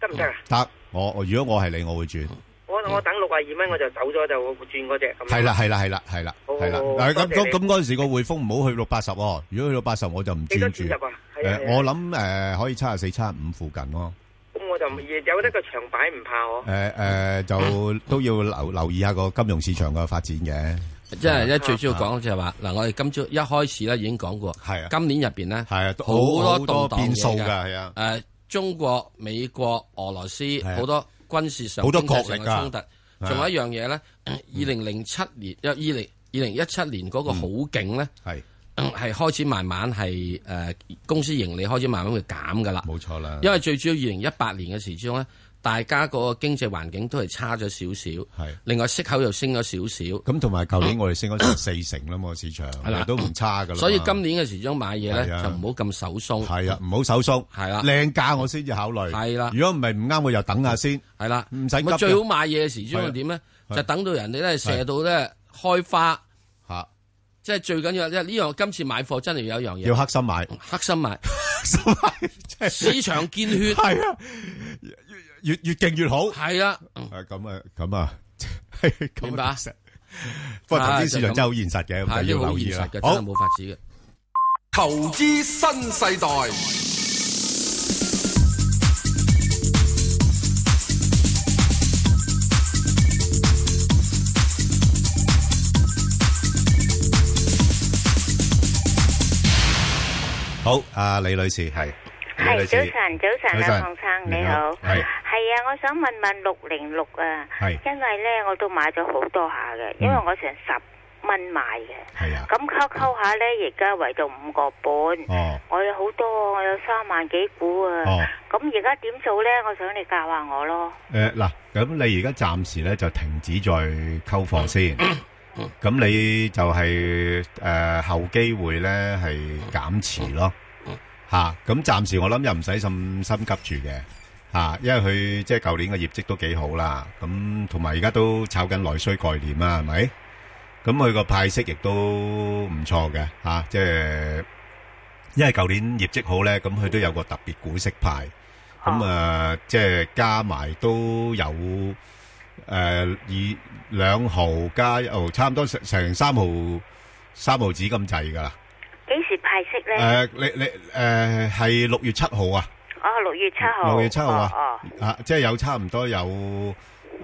得唔得啊？得，我如果我係你，我會轉。我我等六啊二蚊，我就走咗，就轉嗰隻。係啦係啦係啦係啦，係啦。嗱咁咁咁嗰陣時個匯豐唔好去六八十，如果去到八十我就唔轉。幾多錢入啊？我諗誒可以七啊四七啊五附近咯。咁我就有得個長擺唔怕喎。誒誒，就都要留留意下個金融市場嘅發展嘅。即係一最主要講就係話嗱，我哋今朝一開始咧已經講過，係今年入邊咧係好多變數嘅，係啊誒。.中國、美國、俄羅斯好的多軍事上、經濟上嘅衝突，仲有一樣嘢咧。二零零七年，因二零二零一七年嗰個好景咧，係、嗯、 <coughs> 開始慢慢係誒、呃、公司盈利開始慢慢會減㗎啦。冇錯啦，因為最主要二零一八年嘅時候咧。大家個經濟環境都係差咗少少，另外息口又升咗少少。咁同埋舊年我哋升咗成四成啦嘛，市場都唔差㗎啦。所以今年嘅時鐘買嘢咧，就唔好咁手鬆。係啊，唔好手鬆。係啦，靚價我先至考慮。係啦，如果唔係唔啱，我又等下先。係啦，唔使。最好買嘢嘅時鐘係點咧？就等到人哋咧射到咧開花嚇，即係最緊要。因為呢樣今次買貨真係有一樣嘢要黑心買，黑心買，市場見血係啊！越越勁越好，係啊，係咁啊，咁啊，明白啊？不過投資市場真係好現實嘅，咁就要留意啦。好，投資新世代，好，阿李女士係。係早晨，早晨啊，鄺生你好，係係啊，我想問問六零六啊，因為咧我都買咗好多下嘅，因為我成十蚊買嘅，咁溝溝下咧，而家圍到五個半，我有好多，我有三萬幾股啊，咁而家點做咧？我想你教下我咯。誒嗱，咁你而家暫時咧就停止再溝貨先，咁你就係誒後機會咧係減持咯。吓，咁暫時我諗又唔使咁心急住嘅，嚇，因為佢即係舊年嘅業績都幾好啦，咁同埋而家都炒緊內需概念啊，係咪？咁佢個派息亦都唔錯嘅，嚇，即係因為舊年業績好咧，咁佢都有個特別股息派，咁啊，即係加埋都有誒，以兩毫加一毫差唔多成成三毫三毫紙咁滯㗎啦。幾時？派息咧？誒、呃，你你誒，係、呃、六月七號啊，哦啊哦！哦，六月七號，六月七號啊！哦，啊，即係有差唔多有誒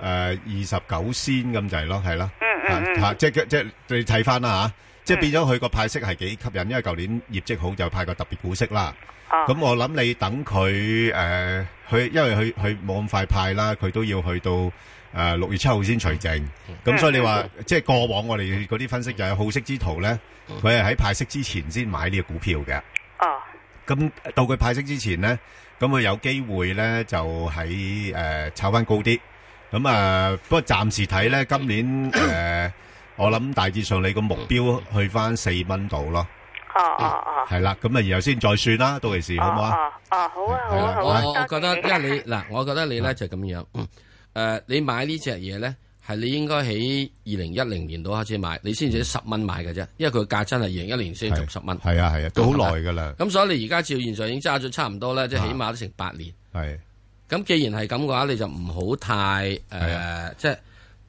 二十九仙咁就係咯，係咯、嗯。嗯嗯嗯。吓、啊，即係即係你睇翻啦吓，即係、啊、變咗佢個派息係幾吸引，因為舊年業績好就派個特別股息啦。哦。咁、嗯、我諗你等佢誒，佢、呃、因為佢佢冇咁快派啦，佢都要去到。誒，六月七號先除淨，咁所以你話即係過往我哋嗰啲分析就有好息之徒咧，佢係喺派息之前先買呢個股票嘅。哦，咁到佢派息之前咧，咁佢有機會咧就喺誒炒翻高啲。咁啊，不過暫時睇咧，今年誒，我諗大致上你個目標去翻四蚊度咯。哦哦哦，係啦，咁啊，然後先再算啦，到時好唔好啊？哦，好啊，好啊，我我覺得因為你嗱，我覺得你咧就咁樣。誒，你買呢隻嘢咧，係你應該喺二零一零年度開始買，你先至十蚊買嘅啫，因為佢價真係二零一零年先要十蚊。係啊係啊，都好耐噶啦。咁所以你而家照現上已經揸咗差唔多咧，即係起碼都成八年。係，咁既然係咁嘅話，你就唔好太誒，即係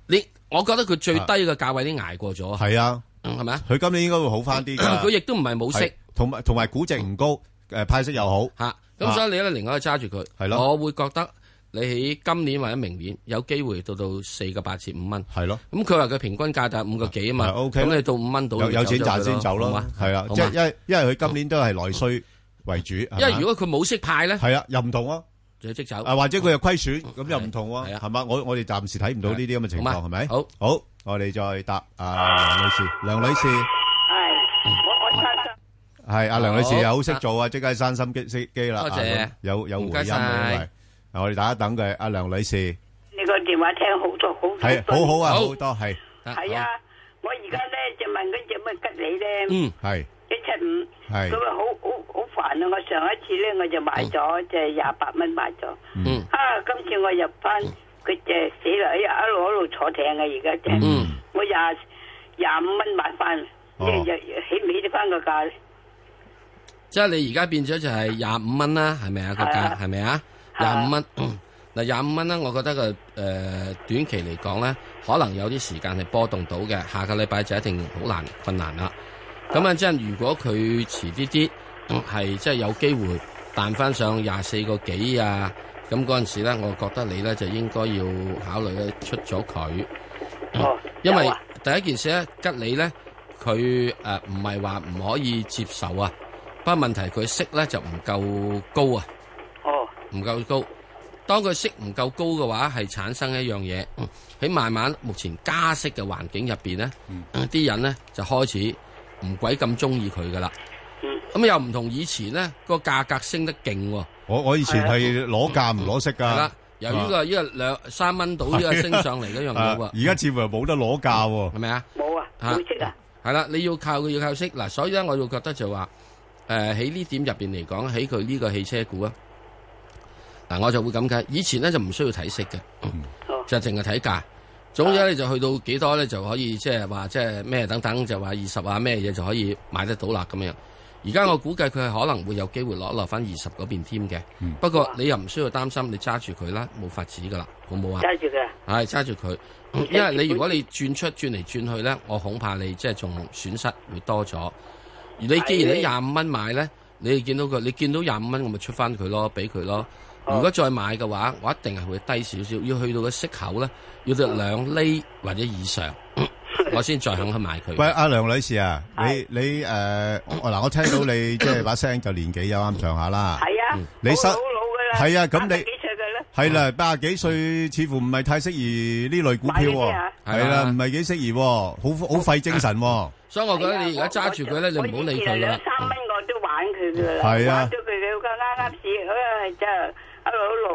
你，我覺得佢最低嘅價位已經挨過咗。係啊，係咪啊？佢今年應該會好翻啲。佢亦都唔係冇息，同埋同埋估值唔高，誒派息又好。吓，咁所以你一零可以揸住佢。係咯，我會覺得。你喺今年或者明年有機會到到四個八至五蚊，係咯。咁佢話佢平均價就係五個幾啊嘛。OK，咁你到五蚊到，有錢賺先走咯。係啊，即係因為因為佢今年都係內需為主。因為如果佢冇息派咧，係啊，又唔同啊，就有息走。啊，或者佢又虧損，咁又唔同啊，係嘛？我我哋暫時睇唔到呢啲咁嘅情況，係咪？好好，我哋再答啊，梁女士，梁女士，係，我我先生係阿梁女士又好識做啊，即刻閂心機機啦，多謝，有有回音。我哋大家等嘅阿梁女士，你個電話聽好咗好多，係好好啊，好多係係啊！我而家咧就問嗰隻乜吉利咧，嗯係一七五，係咁啊，好好好煩啊！我上一次咧我就買咗即係廿八蚊買咗，嗯啊今次我入翻佢就係死啦！哎呀一路一路坐艇嘅而家，嗯我廿廿五蚊買翻，即係起唔起得翻個價，即係你而家變咗就係廿五蚊啦，係咪啊個價係咪啊？廿五蚊，嗱廿五蚊咧，啊嗯、我覺得佢誒、呃、短期嚟講咧，可能有啲時間係波動到嘅。下個禮拜就一定好難困難啦。咁啊，么啊即係如果佢遲啲啲，係即係有機會彈翻上廿四個幾啊。咁嗰陣時咧，我覺得你咧就應該要考慮咧出咗佢。啊、因為第一件事咧，吉利咧，佢誒唔係話唔可以接受啊，不過問題佢息咧就唔夠高啊。唔夠高，當佢息唔夠高嘅話，係產生一樣嘢喺慢慢目前加息嘅環境入邊咧，啲人咧就開始唔鬼咁中意佢噶啦。咁又唔同以前咧，個價格升得勁。我我以前係攞價唔攞息噶。係啦，由於個依個兩三蚊到依個升上嚟嗰樣嘢喎，而家似乎冇得攞價喎，係咪啊？冇啊，冇息啊。係啦，你要靠佢要靠息嗱，所以咧我就覺得就話誒喺呢點入邊嚟講，喺佢呢個汽車股啊。嗱，我就會咁解。以前咧就唔需要睇息嘅，嗯、就淨係睇價。總之咧就去到幾多咧，就可以即係話即係咩等等，就話二十啊咩嘢就可以買得到啦咁樣。而家我估計佢係可能會有機會攞落翻二十嗰邊添嘅。嗯、不過你又唔需要擔心，你揸住佢啦，冇法子噶啦，好唔好啊？揸住佢，係揸住佢，因為你如果你轉出轉嚟轉去咧，我恐怕你即係仲損失會多咗。而你既然你廿五蚊買咧，你見到佢，你見到廿五蚊，我咪出翻佢咯，俾佢咯。如果再買嘅話，我一定係會低少少，要去到個息口咧，要到兩厘或者以上，我先再肯去買佢。喂，阿梁女士啊，你你誒嗱，我聽到你即係把聲就年紀又啱上下啦。係啊，你老老嘅啦。係啊，咁你係啦，八十幾歲似乎唔係太適宜呢類股票啊。係啦，唔係幾適宜，好好費精神。所以我覺得你而家揸住佢咧，你唔好理佢啦。我以前係兩三蚊我都玩佢嘅啦，玩咗佢嘅嗰個啱啱市啊，真係～一路一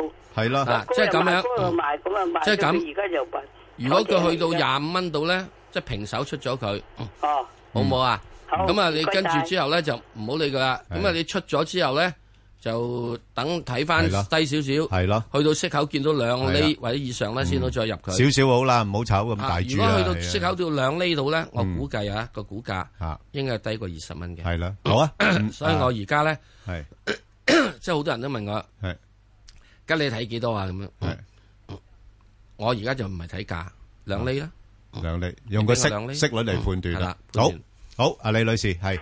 路係啦，即係咁樣，嗰度賣，咁啊賣，即係咁。而家就問，如果佢去到廿五蚊度咧，即係平手出咗佢，哦，好唔好啊？好，咁啊，你跟住之後咧就唔好理佢啦。咁啊，你出咗之後咧，就等睇翻低少少，係咯，去到息口見到兩厘或者以上咧，先都再入佢。少少好啦，唔好炒咁大。如果去到息口到兩厘度咧，我估計啊個股價應該係低過二十蚊嘅。係啦，好啊，所以我而家咧，係即係好多人都問我，係。跟你睇幾多啊？咁、嗯、樣，是我而家就唔係睇價，兩厘啦、啊，兩、嗯、厘，用個息個厘息率嚟判斷啦、啊。好，好，阿李女士係。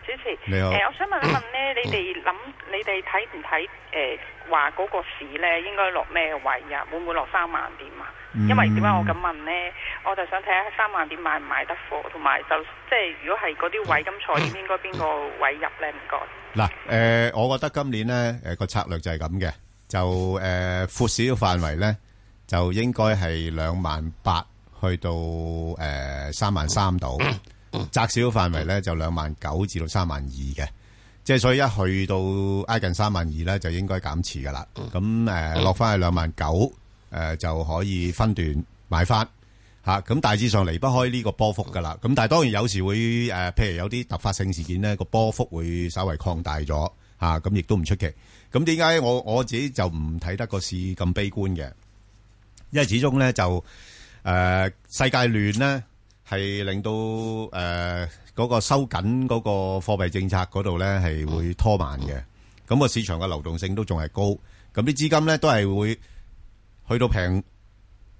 主持你好，誒、 <coughs> 呃，我想問一問咧，你哋諗，你哋睇唔睇誒話嗰個市咧，應該落咩位啊？會唔會落三萬點嘛、啊？因為點解我咁問咧？我就想睇下三萬點買唔買得貨，同埋就即係如果係嗰啲位咁錯，應唔應該邊個位入咧？唔該。嗱，誒、呃，我覺得今年咧，誒、呃、個策略就係咁嘅，就誒、呃、闊少嘅範圍咧，就應該係兩萬八去到誒三萬三度。呃 33, 000, <coughs> 窄小範圍咧就兩萬九至到三萬二嘅，即係所以一去到挨近三萬二咧就應該減持噶啦。咁誒落翻去兩萬九誒就可以分段買翻嚇。咁、啊、大致上離不開呢個波幅噶啦。咁但係當然有時會誒、呃，譬如有啲突發性事件咧，個波幅會稍微擴大咗嚇。咁亦都唔出奇。咁點解我我自己就唔睇得個市咁悲觀嘅？因為始終咧就誒、呃、世界亂咧。係令到誒嗰個收緊嗰個貨幣政策嗰度咧係會拖慢嘅，咁個市場嘅流動性都仲係高，咁啲資金咧都係會去到平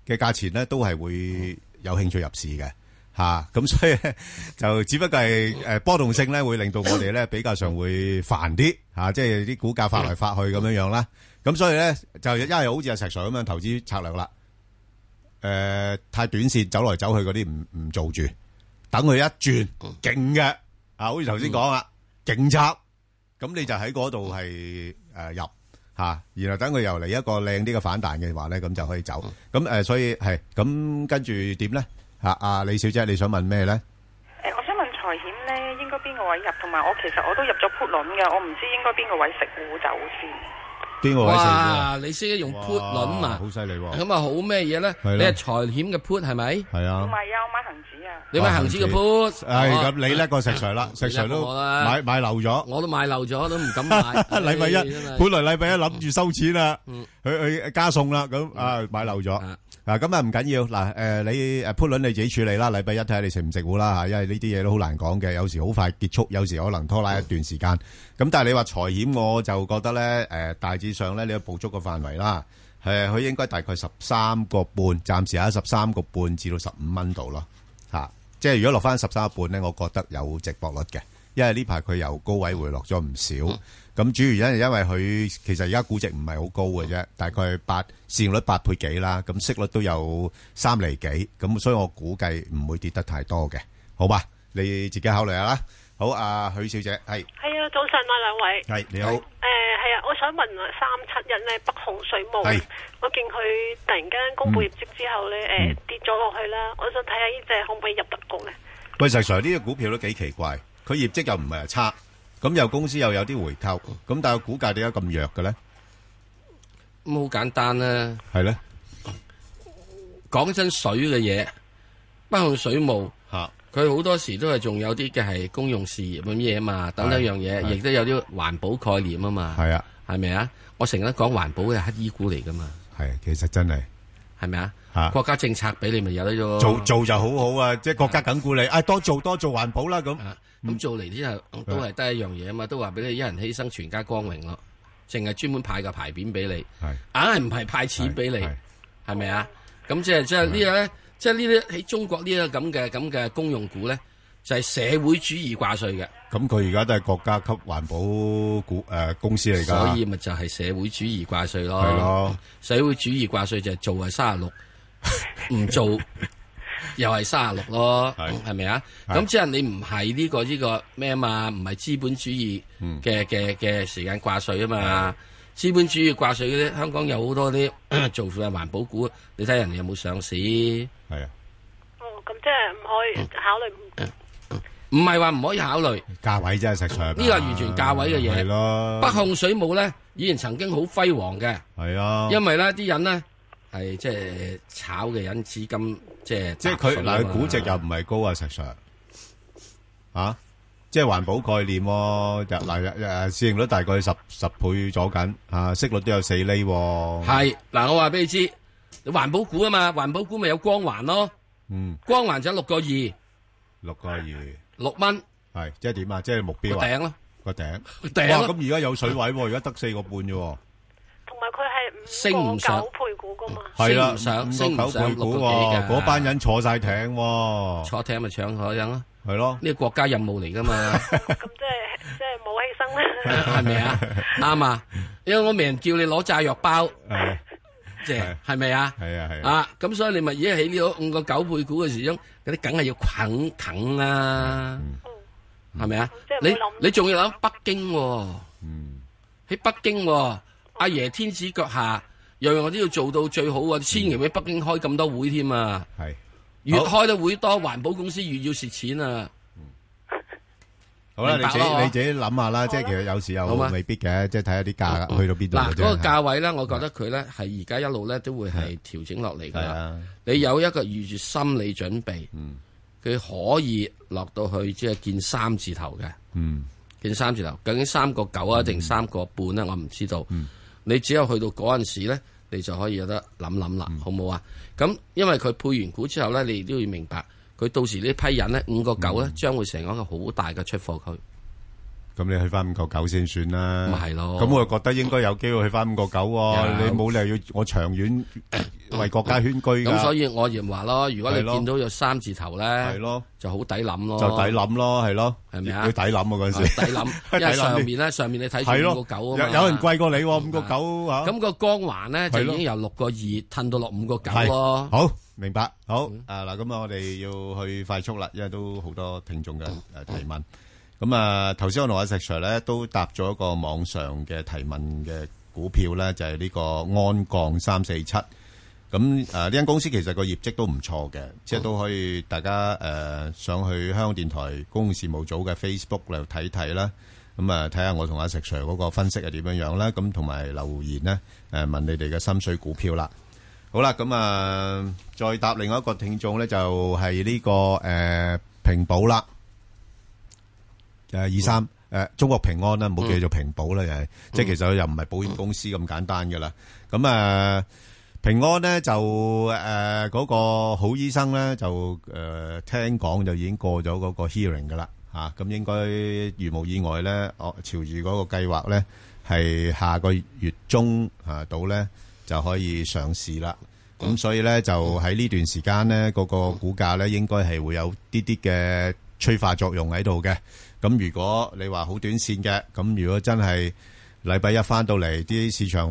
嘅價錢咧都係會有興趣入市嘅，吓咁所以咧就只不過係誒波動性咧會令到我哋咧比較上會煩啲吓，即係啲股價發來發去咁樣樣啦，咁所以咧就因為好似阿石 Sir 咁樣投資策略啦。誒、呃，太短線走來走去嗰啲唔唔做住，等佢一轉，勁嘅、嗯、啊，好似頭先講啊，勁測、嗯，咁你就喺嗰度係誒入吓、啊，然後等佢又嚟一個靚啲嘅反彈嘅話咧，咁就可以走。咁誒、嗯啊，所以係咁跟住點咧？吓、啊，阿、啊、李小姐你想問咩咧？誒、呃，我想問財險咧，應該邊個位入？同埋我其實我都入咗 put 輪嘅，我唔知應該邊個位食糊走先。哇！你識得用 put 輪啊，好犀利喎！咁啊，好咩嘢咧？你係財險嘅 put 係咪？係啊，唔係啊，我買恒指啊！你買恒指嘅 put，係咁你叻過石 Sir 啦！石 Sir 都買買漏咗，我都買漏咗，都唔敢買。禮拜一，本來禮拜一諗住收錢啦，去去加送啦，咁啊買漏咗。嗱，咁啊，唔緊要，嗱，誒、呃、你誒 put 輪你自己處理啦，禮拜一睇下你食唔食糊啦嚇，因為呢啲嘢都好難講嘅，有時好快結束，有時可能拖拉一段時間。咁、啊、但係你話財險，我就覺得咧，誒、呃、大致上咧，你都捕捉個範圍啦。誒、啊，佢應該大概十三個半，暫時喺十三個半至到十五蚊度咯。嚇、啊，即係如果落翻十三個半咧，我覺得有值搏率嘅，因為呢排佢由高位回落咗唔少。嗯。咁主要原因係因為佢其實而家估值唔係好高嘅啫，大概八市盈率八倍幾啦，咁息率都有三厘幾，咁所以我估計唔會跌得太多嘅，好吧，你自己考慮下啦。好，阿許小姐，係，係啊，早晨啊，兩位，係你好，誒，係啊，我想問啊，三七一咧，北控水務，我見佢突然間公布業績之後咧，誒跌咗落去啦，我想睇下呢隻可唔可以入得局咧？喂，石 Sir，石 Sir，呢隻股票都幾奇怪，佢業績又唔係話差。咁又公司又有啲回購，咁但係股價點解咁弱嘅咧？咁好簡單啦，係咧，講真水嘅嘢，北控水務，吓，佢好多時都係仲有啲嘅係公用事業咁嘢啊嘛，等等樣嘢，亦都有啲環保概念啊嘛，係啊，係咪啊？我成日講環保嘅乞衣股嚟噶嘛，係，其實真係，係咪啊？吓，國家政策俾你咪有得做，做做就好好啊，即係國家緊顧你，啊多做多做環保啦咁。咁、嗯、做嚟之後，都係得一樣嘢啊嘛，都話俾你一人犧牲全家光榮咯，淨係專門派個牌匾俾你，硬係唔係派錢俾你，係咪啊？咁即係即係呢個咧，即係呢啲喺中國呢個咁嘅咁嘅公用股咧，就係、是、社會主義掛帥嘅。咁佢而家都係國家級環保股誒、呃、公司嚟㗎，所以咪就係社會主義掛帥咯的、嗯。社會主義掛帥就係做係卅六，唔做。 <laughs> 又係卅六咯，係咪啊？咁即係你唔係呢個呢個咩啊嘛？唔係資本主義嘅嘅嘅時間掛稅啊嘛？資本主義掛稅嗰啲，香港有好多啲做負環保股，你睇下人哋有冇上市？係啊。哦，咁即係唔可以考慮？唔係話唔可以考慮價位啫，實在呢個完全價位嘅嘢咯。北控水務咧，以前曾經好輝煌嘅，係啊，因為咧啲人咧。係即係炒嘅人，資金即係即係佢嗱，佢估值又唔係高啊，實上啊，即係環保概念咯，入嗱誒市盈率大概十十倍左右啊，息率都有四厘喎。係嗱，我話俾你知，環保股啊嘛，環保股咪有光環咯，嗯，光環就有六個二，六個二，六蚊，係即係點啊？即係目標啊個頂咯，個頂哇！咁而家有水位喎，而家得四個半啫喎。升唔上五個九配股噶嘛？係啦，上升唔上六個嘢嘅？嗰班人坐曬艇喎，坐艇咪搶嗰樣咯，係咯？呢個國家任務嚟噶嘛？咁即係即係冇犧牲啦，係咪啊？啱啊！因為我命人叫你攞炸藥包，即係係咪啊？係啊係啊！啊咁，所以你咪而家起咗五個九配股嘅時鐘，嗰啲梗係要啃啃啦，係咪啊？你你仲要喺北京喎？喺北京喎。阿爺天子腳下，樣樣都要做到最好啊！千祈唔喺北京開咁多會添啊！係越開咧會多，環保公司越要蝕錢啊！好啦，你自己你自己諗下啦，即係其實有時又未必嘅，即係睇下啲價去到邊度嗱。嗰個價位咧，我覺得佢咧係而家一路咧都會係調整落嚟噶。你有一個預住心理準備，佢可以落到去即係見三字頭嘅，嗯，見三字頭究竟三個九啊定三個半咧，我唔知道。你只有去到嗰陣時咧，你就可以有得諗諗啦，好唔好啊？嗯、因為佢配完股之後呢，你都要明白，佢到時呢批人呢，五個九呢，將會成為一個好大嘅出貨區。咁你去翻五個九先算啦，咁我覺得應該有機會去翻五個九。你冇理由要我長遠為國家捐軀。咁所以我言話咯，如果你見到有三字頭咧，就好抵諗咯，就抵諗咯，係咯，係咪啊？要抵諗啊！嗰陣時，抵諗，因為上面咧，上面你睇住五個九啊嘛。有有人貴過你五個九啊？咁個光環咧就已經由六個二褪到落五個九喎。好，明白。好啊嗱，咁啊，我哋要去快速啦，因為都好多聽眾嘅誒提問。咁啊，頭先我同阿石 Sir 咧都答咗一個網上嘅提問嘅股票咧，就係呢個鞍鋼三四七。咁啊，呢間公司其實個業績都唔錯嘅，即係都可以大家誒上去香港電台公共事務組嘅 Facebook 嚟睇睇啦。咁啊，睇下我同阿石 Sir 嗰個分析係點樣樣啦。咁同埋留言呢，誒問你哋嘅心水股票啦。好啦，咁啊，再答另外一個聽眾呢，就係呢個誒平保啦。誒，二三誒，中國平安咧，唔好叫做平保啦，又係即係，其實又唔係保險公司咁簡單噶啦。咁誒，平安咧就誒嗰個好醫生咧就誒聽講就已經過咗嗰個 hearing 噶啦吓，咁應該如無意外咧，哦朝住嗰個計劃咧係下個月中吓到咧就可以上市啦。咁所以咧就喺呢段時間咧，嗰個股價咧應該係會有啲啲嘅催化作用喺度嘅。咁如果你話好短線嘅，咁如果真係禮拜一翻到嚟啲市場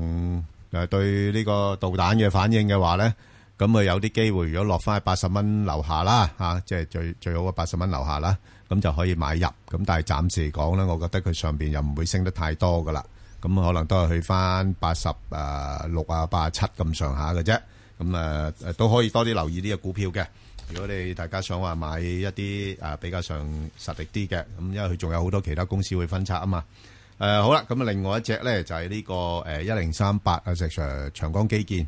誒對呢個導彈嘅反應嘅話咧，咁啊有啲機會，如果落翻喺八十蚊樓下啦，嚇、啊，即係最最好嘅八十蚊樓下啦，咁就可以買入。咁但係暫時嚟講咧，我覺得佢上邊又唔會升得太多噶啦，咁可能都係去翻八十誒六啊八七咁上下嘅啫，咁誒、呃、都可以多啲留意呢個股票嘅。如果你大家想話買一啲啊比較上實力啲嘅，咁因為佢仲有好多其他公司會分拆啊嘛。誒好啦，咁啊另外一隻咧就係呢個誒一零三八啊，石 Sir，長江基建。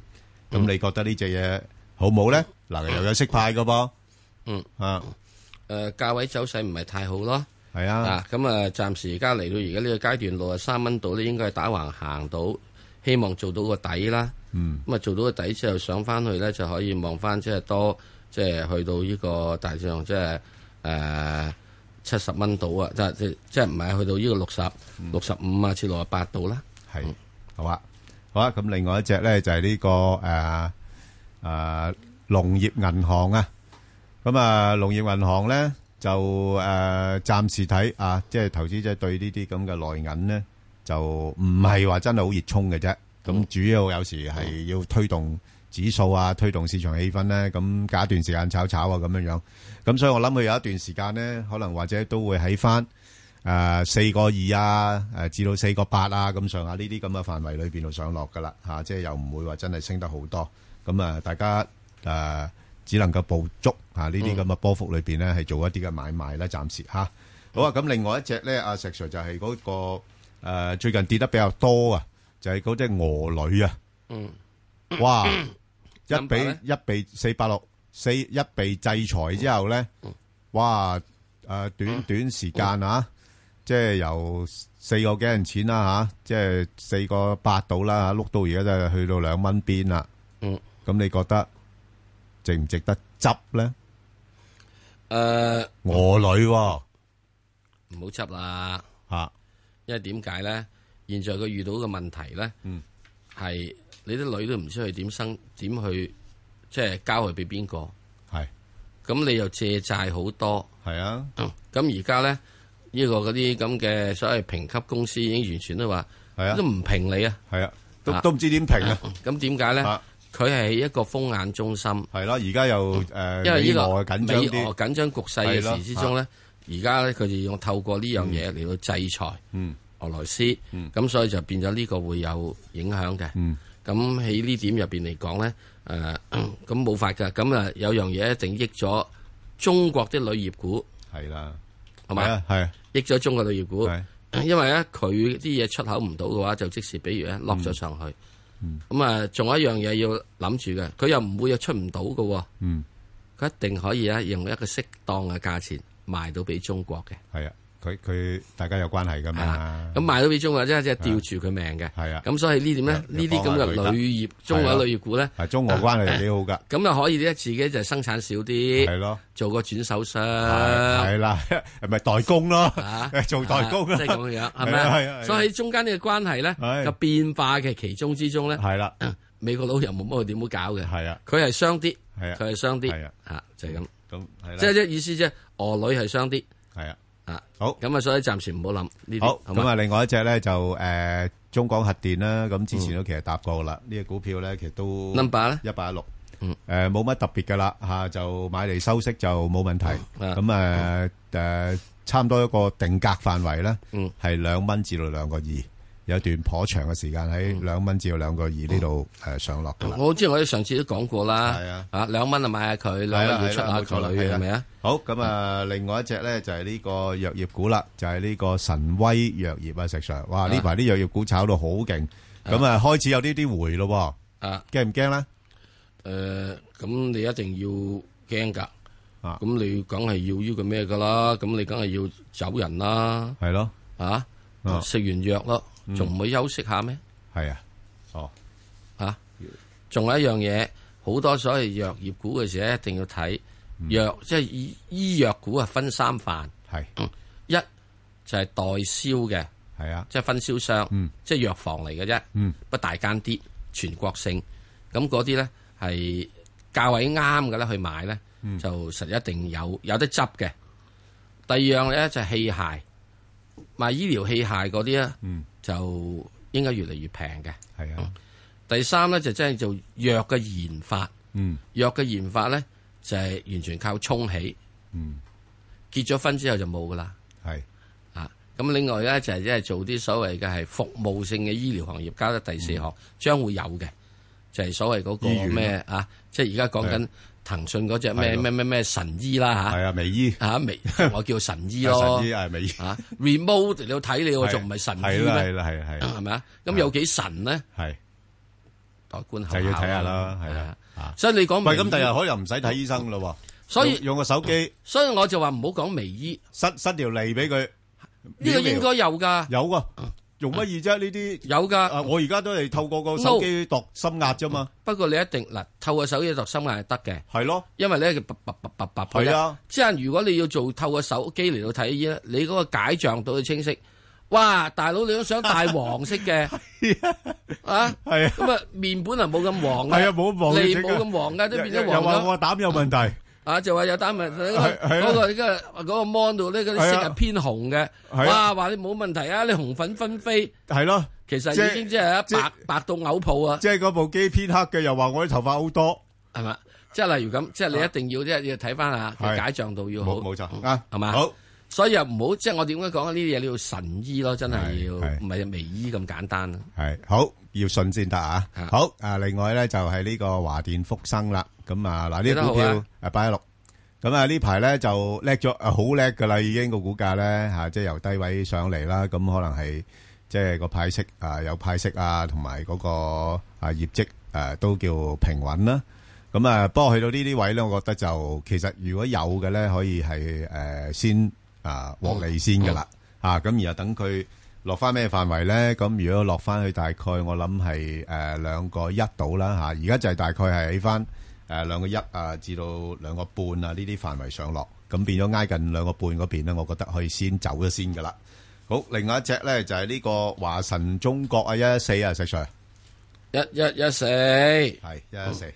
咁你覺得呢隻嘢好唔好咧？嗱又有息派噶噃。嗯啊誒價位走勢唔係太好咯。係啊。嗱咁啊，暫時而家嚟到而家呢個階段六十三蚊度咧，應該係打橫行到，希望做到個底啦。嗯。咁啊做到個底之後上翻去咧，就可以望翻即係多。即係去到呢個大漲，即係誒七十蚊度啊！即係即係唔係去到呢個六十、六十五啊，至六十八度啦。係、嗯，好啊，好啊。咁另外一隻咧就係、是、呢、這個誒誒、呃呃、農業銀行啊。咁啊、呃，農業銀行咧就誒、呃、暫時睇啊，即係投資者對這這呢啲咁嘅內銀咧就唔係話真係好熱衷嘅啫。咁主要有時係要推動。嗯嗯指數啊，推動市場氣氛咧，咁隔一段時間炒炒啊，咁樣樣。咁所以我諗佢有一段時間咧，可能或者都會喺返誒四個二啊，誒、呃、至到四個八啊，咁上下呢啲咁嘅範圍裏邊度上落噶啦嚇，即係又唔會話真係升得好多。咁啊，大家誒、啊、只能夠捕捉嚇呢啲咁嘅波幅裏邊咧，係做一啲嘅買賣啦。暫時吓、啊，好啊，咁另外一隻咧，阿、啊、石 Sir 就係嗰、那個、啊、最近跌得比較多啊，就係嗰隻鵝女啊，嗯，哇！ <coughs> 一俾一被四百六四一被制裁之後咧，嗯嗯、哇！誒、呃，短短時間、嗯嗯、啊，即係由四個幾人錢啦吓、啊，即係四個八到啦碌到而家就去到兩蚊邊啦。嗯，咁你覺得值唔值得執咧？誒、呃，我女唔好執啦吓，因為點解咧？現在佢遇到嘅問題咧，係、嗯。你啲女都唔知佢點生，點去即係交去俾邊個？係咁，你又借債好多，係啊。咁而家咧，呢個嗰啲咁嘅所謂評級公司已經完全都話，都唔評你啊，係啊，都都唔知點評啊。咁點解咧？佢係一個風眼中心，係咯。而家又誒，因為呢個緊張啲，緊張局勢嘅時之中咧，而家咧佢哋用透過呢樣嘢嚟到制裁，嗯，俄羅斯，嗯，咁所以就變咗呢個會有影響嘅，嗯。咁喺呢點入邊嚟講咧，誒咁冇法㗎。咁啊有樣嘢一定益咗中國啲旅業股，係啦的，係咪啊？益咗中國旅業股，因為咧佢啲嘢出口唔到嘅話，就即時比如咧落咗上去。咁啊、嗯，仲、嗯、有一樣嘢要諗住嘅，佢又唔會又出唔到嘅。嗯，佢一定可以咧，用一個適當嘅價錢賣到俾中國嘅。係啊的。佢佢大家有關係噶嘛？咁賣到俾中國，即係即係吊住佢命嘅。係啊，咁所以呢點咧？呢啲咁嘅鋁業、中國鋁業股咧，係中俄關係幾好噶。咁又可以咧，自己就生產少啲，係咯，做個轉手商，係啦，咪代工咯？做代工即係咁樣，係咪所以中間呢個關係咧個變化嘅其中之中咧係啦，美國佬又冇乜點樣搞嘅，係啊。佢係雙啲，係佢係雙啲，係啊，吓就係咁，咁係即係即意思即係俄鋁係雙啲。係啊。啊，好，咁啊，所以暫時唔好諗呢度。好，咁啊嗎，另外一隻咧就誒、呃，中廣核電啦，咁之前都其實答過啦，呢隻、嗯、股票咧其實都 6,，一八一六，誒，冇乜特別噶啦，吓就買嚟收息就冇問題。咁啊好，誒、嗯，呃、好差唔多一個定格範圍咧，係兩蚊至到兩個二。有段頗長嘅時間喺兩蚊至到兩個二呢度誒上落嘅啦。我知我上次都講過啦，嚇兩蚊啊買下佢，兩個二出下佢，係咪啊？好，咁啊，另外一隻咧就係呢個藥業股啦，就係呢個神威藥業啊，石常，哇！呢排啲藥業股炒到好勁，咁啊開始有呢啲回咯，啊驚唔驚咧？誒，咁你一定要驚㗎，啊，咁你梗係要呢個咩㗎啦？咁你梗係要走人啦，係咯，啊，食完藥咯。仲唔、嗯、去休息下咩？係啊，哦，吓、啊，仲有一樣嘢，好多所謂藥業股嘅時候，一定要睇藥、嗯，即係醫藥股啊，分三範係，一就係代銷嘅，係啊，即係分銷商，嗯、即係藥房嚟嘅啫，嗯、不大間啲，全國性，咁嗰啲咧係價位啱嘅咧，去買咧、嗯、就實一定有有得執嘅。第二樣咧就係器械，賣醫療器械嗰啲啊。就應該越嚟越平嘅。係啊、嗯，第三咧就真係做藥嘅研發。嗯，藥嘅研發咧就係、是、完全靠衝起。嗯，結咗婚之後就冇噶啦。係是啊，咁另外咧就係即係做啲所謂嘅係服務性嘅醫療行業，加咗第四行，將、嗯、會有嘅，就係、是、所謂嗰個咩啊，即係而家講緊。騰訊嗰隻咩咩咩咩神醫啦吓，係啊，微醫吓微，我叫神醫咯，係微醫吓，remote 你睇你我仲唔係神醫咩？係啦係啦係係，係咪啊？咁有幾神咧？係，代觀考就要睇下啦，係啊，所以你講喂，咁第日可能唔使睇醫生咯，所以用個手機，所以我就話唔好講微醫，塞塞條脷俾佢，呢個應該有噶，有喎。用乜嘢啫？呢啲有噶，我而家都係透過個手機讀心壓啫嘛。不過你一定嗱，透過手機讀心壓係得嘅。係咯，因為咧，八八八八八。係啊，即係如果你要做透過手機嚟到睇咧，你嗰個解像度要清晰。哇，大佬，你都想戴黃色嘅啊？係啊。咁啊，面本來冇咁黃。係啊，冇咁黃。你冇咁黃噶，都變咗黃啦。又話我膽有問題。啊、嗯！就話有單物嗰，那個嗰對、那個嗰，那個 mon 度咧，嗰啲色係偏紅嘅，對哇！話你冇問題啊，你紅粉紛飛，係咯對，其實已經即係一白就白到嘔泡啊！即係嗰部機偏黑嘅，又話我啲頭髮好多，係嘛？即係例如咁，即係你一定要看看即係要睇翻下，解像度要好，冇錯啱，係嘛對？好。吧所以又唔好，即係我點解講呢啲嘢，你要神醫咯，真係要唔係微醫咁簡單。係好要信先得啊！好啊，另外咧就係呢個華電福生啦。咁啊嗱，呢啲股票啊八一六，咁啊呢排咧就叻咗啊，好叻噶啦，已經個股價咧吓，即係由低位上嚟啦。咁可能係即係個派息啊，有派息啊，同埋嗰個啊業績誒都叫平穩啦。咁啊，不過去到呢啲位咧，我覺得就其實如果有嘅咧，可以係誒先。啊，獲利先嘅啦，哦、啊咁，然後等佢落翻咩範圍咧？咁如果落翻去大概我，我諗係誒兩個一到啦嚇。而、啊、家就係大概係喺翻誒兩個一啊，至到兩個半啊呢啲範圍上落，咁變咗挨近兩個半嗰邊咧，我覺得可以先走咗先嘅啦。好，另外一隻咧就係、是、呢個華晨中國啊，一一四啊，石 Sir，一一一四，係一一一四，咁、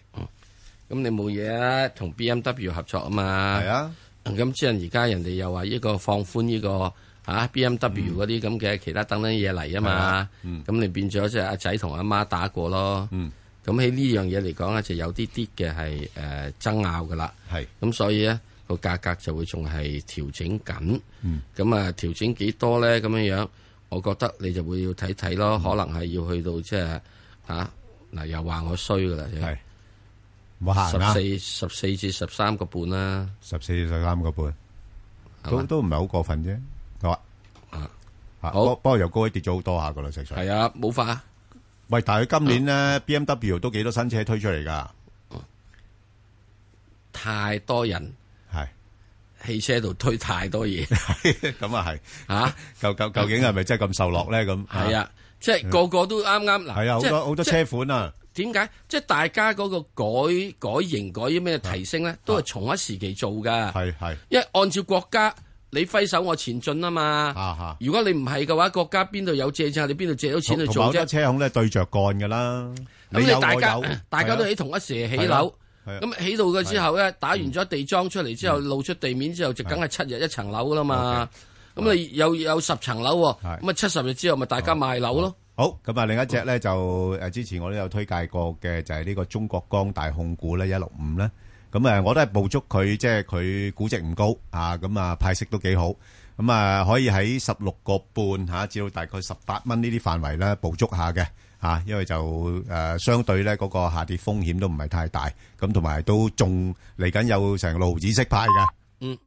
嗯、你冇嘢啊，同 B M W 合作啊嘛，係啊。咁、嗯嗯、即係而家人哋又話呢個放寬呢、呢個啊 B M W 嗰啲咁嘅其他等等嘢，嚟啊嘛，咁、嗯、你變咗隻阿仔同阿媽打過咯，咁喺呢樣嘢嚟講咧，就有啲啲嘅係誒爭拗噶啦，咁是所以咧個價格就會仲係調整緊，咁啊調整幾多咧？咁樣樣，我覺得你就會要睇睇咯，嗯、可能係要去到即、就、係、是、啊，嗱又話我衰噶啦。是嗯十四十四至十三個半啦，十四至十三個半，都都唔係好過分啫，係嘛？好，不過由高位跌咗好多下噶啦，事實上係啊，冇法啊。喂，但係佢今年咧，BMW 都幾多新車推出嚟噶，太多人係汽車度推太多嘢，咁啊係啊？究究究竟係咪真係咁受落咧？咁係啊。即係個個都啱啱嗱，係啊，好多好多車款啊！點解即係大家嗰個改改型改咩提升咧？都係同一時期做噶，係係，因為按照國家你揮手我前進啊嘛，如果你唔係嘅話，國家邊度有借啫？你邊度借到錢去做啫？同埋啲車行咧對着幹噶啦，咁你大家大家都喺同一時期起樓，咁起到嘅之後咧，打完咗地樁出嚟之後，露出地面之後就梗係七日一層樓噶啦嘛。咁你有有十層樓喎，咁啊七十日之後咪大家賣樓咯。好，咁啊另一隻咧就誒之前我都有推介過嘅就係呢個中國光大控股咧一六五咧，咁啊我都係捕捉佢即係佢估值唔高啊，咁啊派息都幾好，咁啊可以喺十六個半吓至到大概十八蚊呢啲範圍咧捕捉下嘅吓，因為就誒相對咧嗰個下跌風險都唔係太大，咁同埋都仲嚟緊有成六毫子息派嘅。嗯。